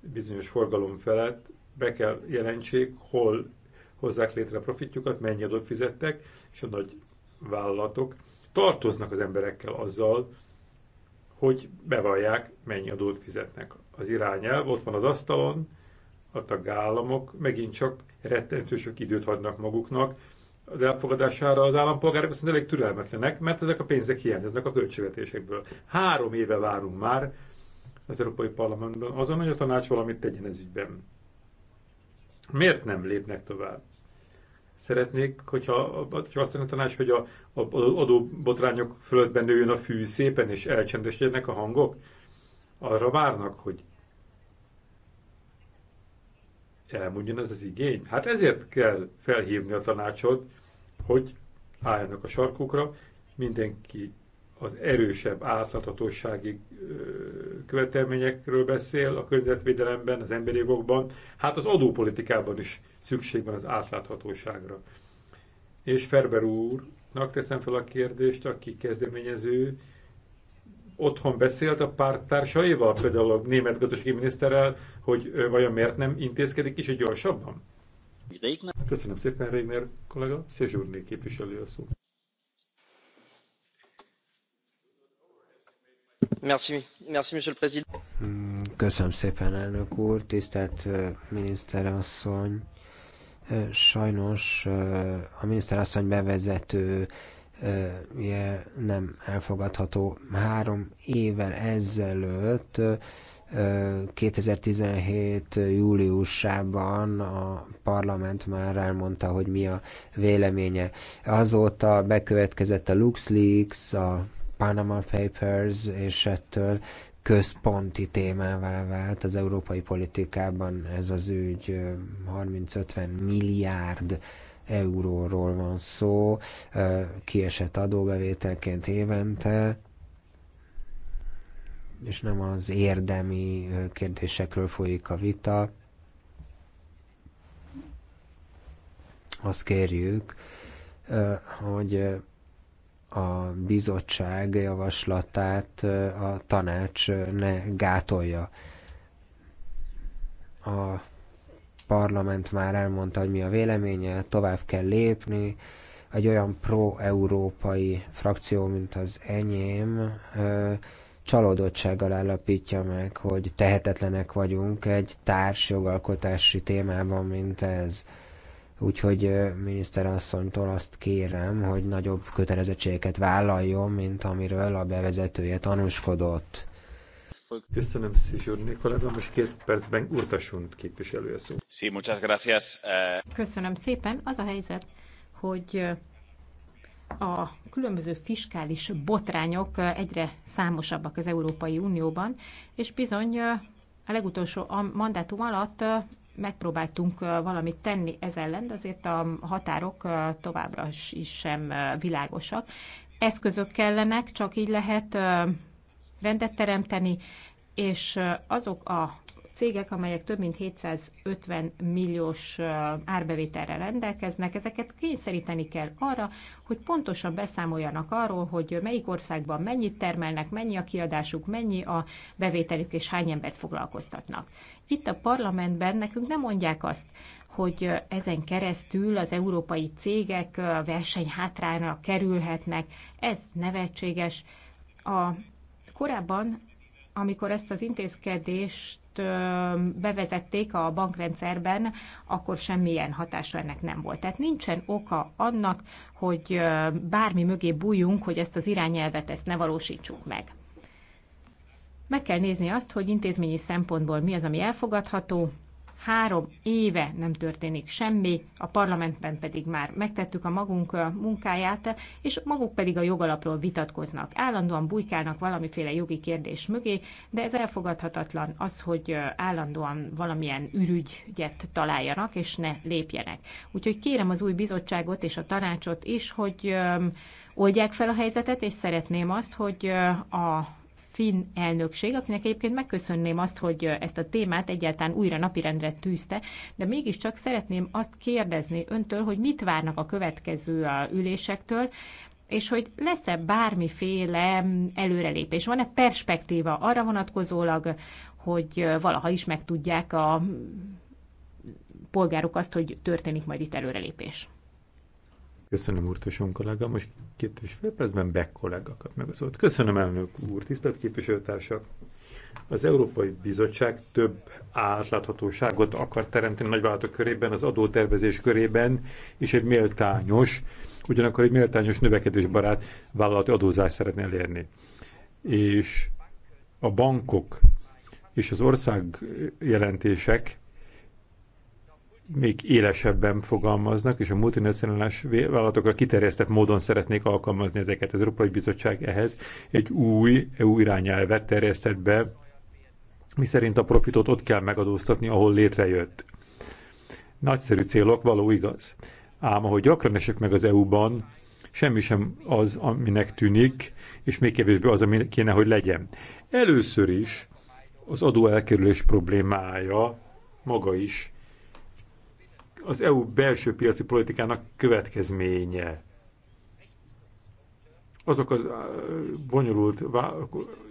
bizonyos forgalom felett be kell jelentség, hol hozzák létre a profitjukat, mennyi adót fizettek, és a nagy vállalatok tartoznak az emberekkel azzal, hogy bevallják, mennyi adót fizetnek. Az irányelv ott van az asztalon, a tagállamok megint csak rettentő sok időt hagynak maguknak, az elfogadására az állampolgárok viszont elég türelmetlenek, mert ezek a pénzek hiányoznak a költségvetésekből. Három éve várunk már az Európai Parlamentben azon, hogy a tanács valamit tegyen ez ügyben. Miért nem lépnek tovább? Szeretnék, hogyha csak azt mondja a tanács, hogy a, a, a adóbotrányok fölöttben nőjön a fű szépen, és elcsendesedjenek a hangok, arra várnak, hogy elmondjon ez az igény. Hát ezért kell felhívni a tanácsot, hogy álljanak a sarkukra, mindenki az erősebb átláthatósági követelményekről beszél a környezetvédelemben, az emberi jogokban, hát az adópolitikában is szükség van az átláthatóságra. És Ferber úrnak teszem fel a kérdést, aki kezdeményező, otthon beszélt a párttársaival, például a német gazdasági miniszterrel, hogy vajon miért nem intézkedik is egy gyorsabban? Köszönöm szépen, Régner kollega. Szézsúrné képviselő a szó. Merci, merci, monsieur le président. Köszönöm szépen, elnök úr, tisztelt miniszterasszony. Sajnos a miniszterasszony bevezető nem elfogadható. Három évvel ezelőtt 2017. júliusában a parlament már elmondta, hogy mi a véleménye. Azóta bekövetkezett a LuxLeaks, a Panama Papers, és ettől központi témává vált az európai politikában ez az ügy 30-50 milliárd euróról van szó, kiesett adóbevételként évente, és nem az érdemi kérdésekről folyik a vita. Azt kérjük, hogy a bizottság javaslatát a tanács ne gátolja. A parlament már elmondta, hogy mi a véleménye, tovább kell lépni. Egy olyan pro-európai frakció, mint az enyém, csalódottsággal állapítja meg, hogy tehetetlenek vagyunk egy társjogalkotási témában, mint ez. Úgyhogy miniszterasszonytól azt kérem, hogy nagyobb kötelezettségeket vállaljon, mint amiről a bevezetője tanúskodott. Köszönöm szépen, kollega, most két percben Urtasunt képviselője szó. Sí, muchas gracias. Eh. Köszönöm szépen. Az a helyzet, hogy a különböző fiskális botrányok egyre számosabbak az Európai Unióban, és bizony a legutolsó mandátum alatt megpróbáltunk valamit tenni ez ellen, de azért a határok továbbra is sem világosak. Eszközök kellenek, csak így lehet rendet teremteni, és azok a cégek, amelyek több mint 750 milliós árbevételre rendelkeznek, ezeket kényszeríteni kell arra, hogy pontosan beszámoljanak arról, hogy melyik országban mennyit termelnek, mennyi a kiadásuk, mennyi a bevételük és hány embert foglalkoztatnak. Itt a parlamentben nekünk nem mondják azt, hogy ezen keresztül az európai cégek versenyhátrányra kerülhetnek. Ez nevetséges. A korábban amikor ezt az intézkedést bevezették a bankrendszerben, akkor semmilyen hatása ennek nem volt. Tehát nincsen oka annak, hogy bármi mögé bújjunk, hogy ezt az irányelvet ezt ne valósítsuk meg. Meg kell nézni azt, hogy intézményi szempontból mi az, ami elfogadható, három éve nem történik semmi, a parlamentben pedig már megtettük a magunk munkáját, és maguk pedig a jogalapról vitatkoznak. Állandóan bujkálnak valamiféle jogi kérdés mögé, de ez elfogadhatatlan az, hogy állandóan valamilyen ürügyet találjanak, és ne lépjenek. Úgyhogy kérem az új bizottságot és a tanácsot is, hogy oldják fel a helyzetet, és szeretném azt, hogy a finn elnökség, akinek egyébként megköszönném azt, hogy ezt a témát egyáltalán újra napirendre tűzte, de mégiscsak szeretném azt kérdezni öntől, hogy mit várnak a következő ülésektől, és hogy lesz-e bármiféle előrelépés, van-e perspektíva arra vonatkozólag, hogy valaha is megtudják a polgárok azt, hogy történik majd itt előrelépés. Köszönöm úr Tösön kollega, most két és fél percben Beck kollega kap meg az Köszönöm elnök úr, tisztelt képviselőtársak! Az Európai Bizottság több átláthatóságot akar teremteni nagyvállalatok körében, az adótervezés körében, és egy méltányos, ugyanakkor egy méltányos növekedésbarát vállalati adózást szeretne elérni. És a bankok és az ország jelentések még élesebben fogalmaznak, és a multinacionális vállalatokra kiterjesztett módon szeretnék alkalmazni ezeket. Az Európai Bizottság ehhez egy új EU irányelvet terjesztett be, miszerint a profitot ott kell megadóztatni, ahol létrejött. Nagyszerű célok, való igaz. Ám ahogy gyakran esik meg az EU-ban, semmi sem az, aminek tűnik, és még kevésbé az, ami kéne, hogy legyen. Először is az adó elkerülés problémája maga is az EU belső piaci politikának következménye. Azok az bonyolult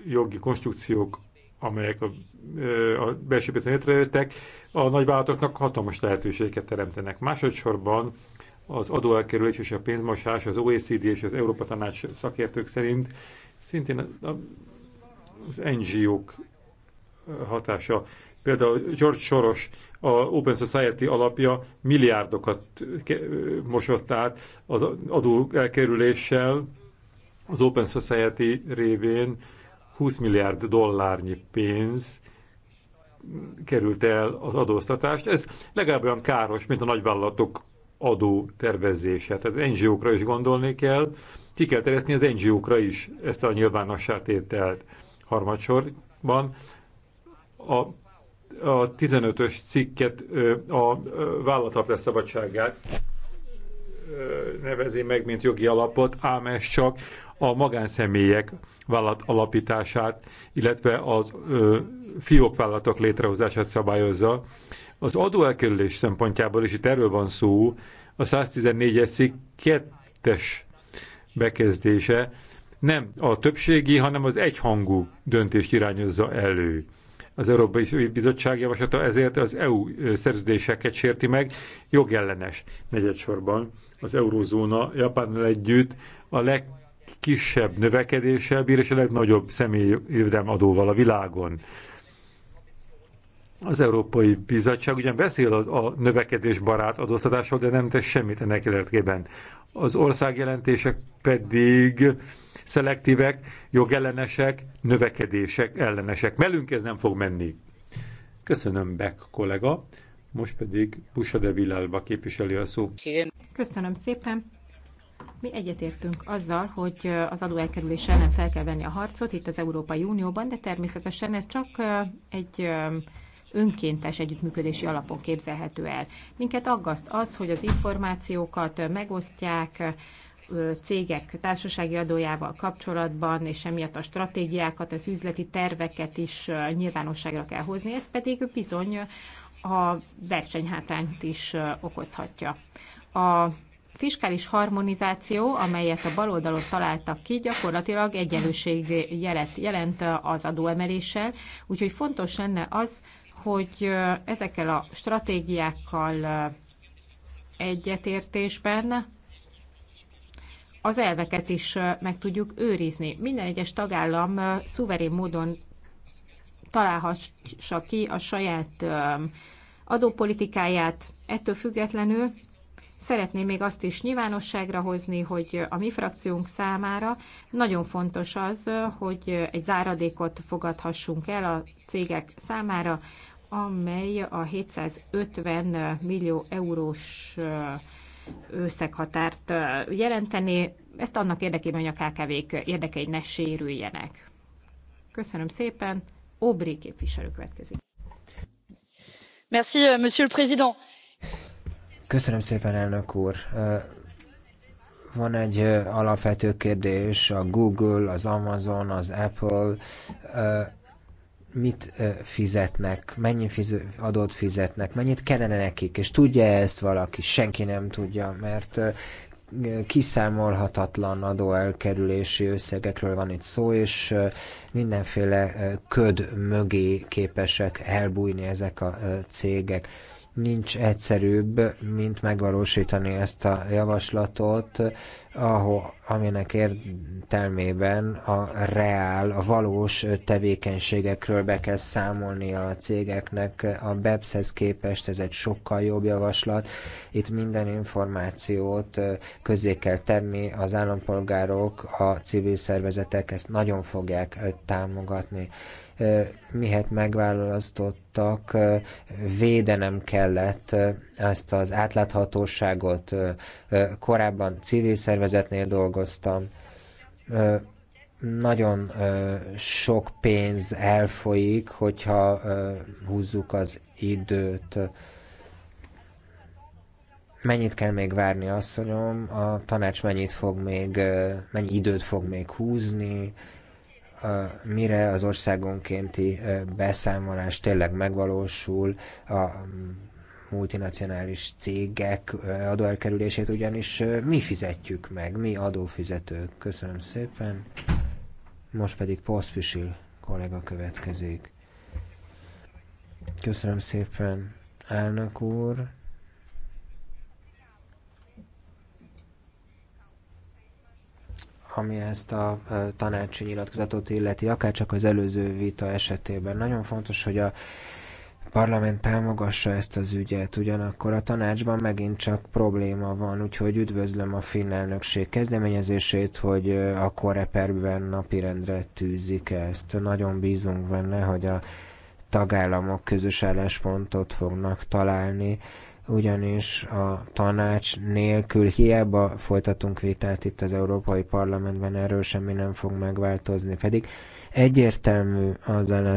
jogi konstrukciók, amelyek a, a belső piacon létrejöttek, a nagyvállalatoknak hatalmas lehetőséget teremtenek. Másodszorban az adóelkerülés és a pénzmosás az OECD és az Európa Tanács szakértők szerint szintén az NGO-k hatása. Például George Soros a Open Society alapja milliárdokat mosott át az adó elkerüléssel, az Open Society révén 20 milliárd dollárnyi pénz került el az adóztatást. Ez legalább olyan káros, mint a nagyvállalatok adó tervezése. Tehát az NGO-kra is gondolni kell, ki kell terjeszteni az NGO-kra is ezt a nyilvánossá tételt. Harmadsorban a a 15-ös cikket a vállalatok szabadságát nevezi meg, mint jogi alapot, ám ez csak a magánszemélyek vállalat alapítását, illetve az ö, vállalatok létrehozását szabályozza. Az adóelkerülés szempontjából is itt erről van szó, a 114-es cikk kettes es bekezdése nem a többségi, hanem az egyhangú döntést irányozza elő. Az Európai Bizottság javaslata ezért az EU szerződéseket sérti meg, jogellenes negyedsorban. Az eurózóna Japánnal együtt a legkisebb növekedéssel bír és a legnagyobb személyi adóval a világon az Európai Bizottság ugyan beszél a, a barát adóztatásról, de nem tesz semmit ennek érdekében. Az országjelentések pedig szelektívek, jogellenesek, növekedések ellenesek. Melünk ez nem fog menni. Köszönöm, Beck kollega. Most pedig Pusa de Villalba képviseli a szó. Köszönöm szépen. Mi egyetértünk azzal, hogy az adóelkerülés ellen fel kell venni a harcot itt az Európai Unióban, de természetesen ez csak egy önkéntes együttműködési alapon képzelhető el. Minket aggaszt az, hogy az információkat megosztják, cégek társasági adójával kapcsolatban, és emiatt a stratégiákat, az üzleti terveket is nyilvánosságra kell hozni, ez pedig bizony a versenyhátrányt is okozhatja. A fiskális harmonizáció, amelyet a baloldalon találtak ki, gyakorlatilag egyenlőség jelet jelent az adóemeléssel, úgyhogy fontos lenne az, hogy ezekkel a stratégiákkal egyetértésben az elveket is meg tudjuk őrizni. Minden egyes tagállam szuverén módon találhassa ki a saját adópolitikáját. Ettől függetlenül szeretném még azt is nyilvánosságra hozni, hogy a mi frakciónk számára nagyon fontos az, hogy egy záradékot fogadhassunk el a cégek számára, amely a 750 millió eurós összeghatárt jelenteni, ezt annak érdekében, hogy a KKV-k érdekei ne sérüljenek. Köszönöm szépen. Obri képviselő következik. Merci, euh, monsieur le président. Köszönöm szépen, elnök úr van egy alapvető kérdés, a Google, az Amazon, az Apple mit fizetnek, mennyi adót fizetnek, mennyit kellene nekik, és tudja -e ezt valaki, senki nem tudja, mert kiszámolhatatlan adóelkerülési összegekről van itt szó, és mindenféle köd mögé képesek elbújni ezek a cégek nincs egyszerűbb, mint megvalósítani ezt a javaslatot, ahol, aminek értelmében a reál, a valós tevékenységekről be kell számolni a cégeknek. A BEPS-hez képest ez egy sokkal jobb javaslat. Itt minden információt közé kell tenni, az állampolgárok, a civil szervezetek ezt nagyon fogják támogatni mihet megválasztottak, védenem kellett ezt az átláthatóságot. Korábban civil szervezetnél dolgoztam, nagyon sok pénz elfolyik, hogyha húzzuk az időt. Mennyit kell még várni, asszonyom? A tanács mennyit fog még, mennyi időt fog még húzni? mire az országonkénti beszámolás tényleg megvalósul, a multinacionális cégek adóelkerülését ugyanis mi fizetjük meg, mi adófizetők. Köszönöm szépen. Most pedig Poszpisil kollega következik. Köszönöm szépen, elnök úr. ami ezt a tanácsi nyilatkozatot illeti, csak az előző vita esetében. Nagyon fontos, hogy a parlament támogassa ezt az ügyet, ugyanakkor a tanácsban megint csak probléma van, úgyhogy üdvözlöm a finn elnökség kezdeményezését, hogy a koreperben napirendre tűzik ezt. Nagyon bízunk benne, hogy a tagállamok közös álláspontot fognak találni ugyanis a tanács nélkül hiába folytatunk vitát itt az Európai Parlamentben, erről semmi nem fog megváltozni. Pedig egyértelmű az álláspontunk.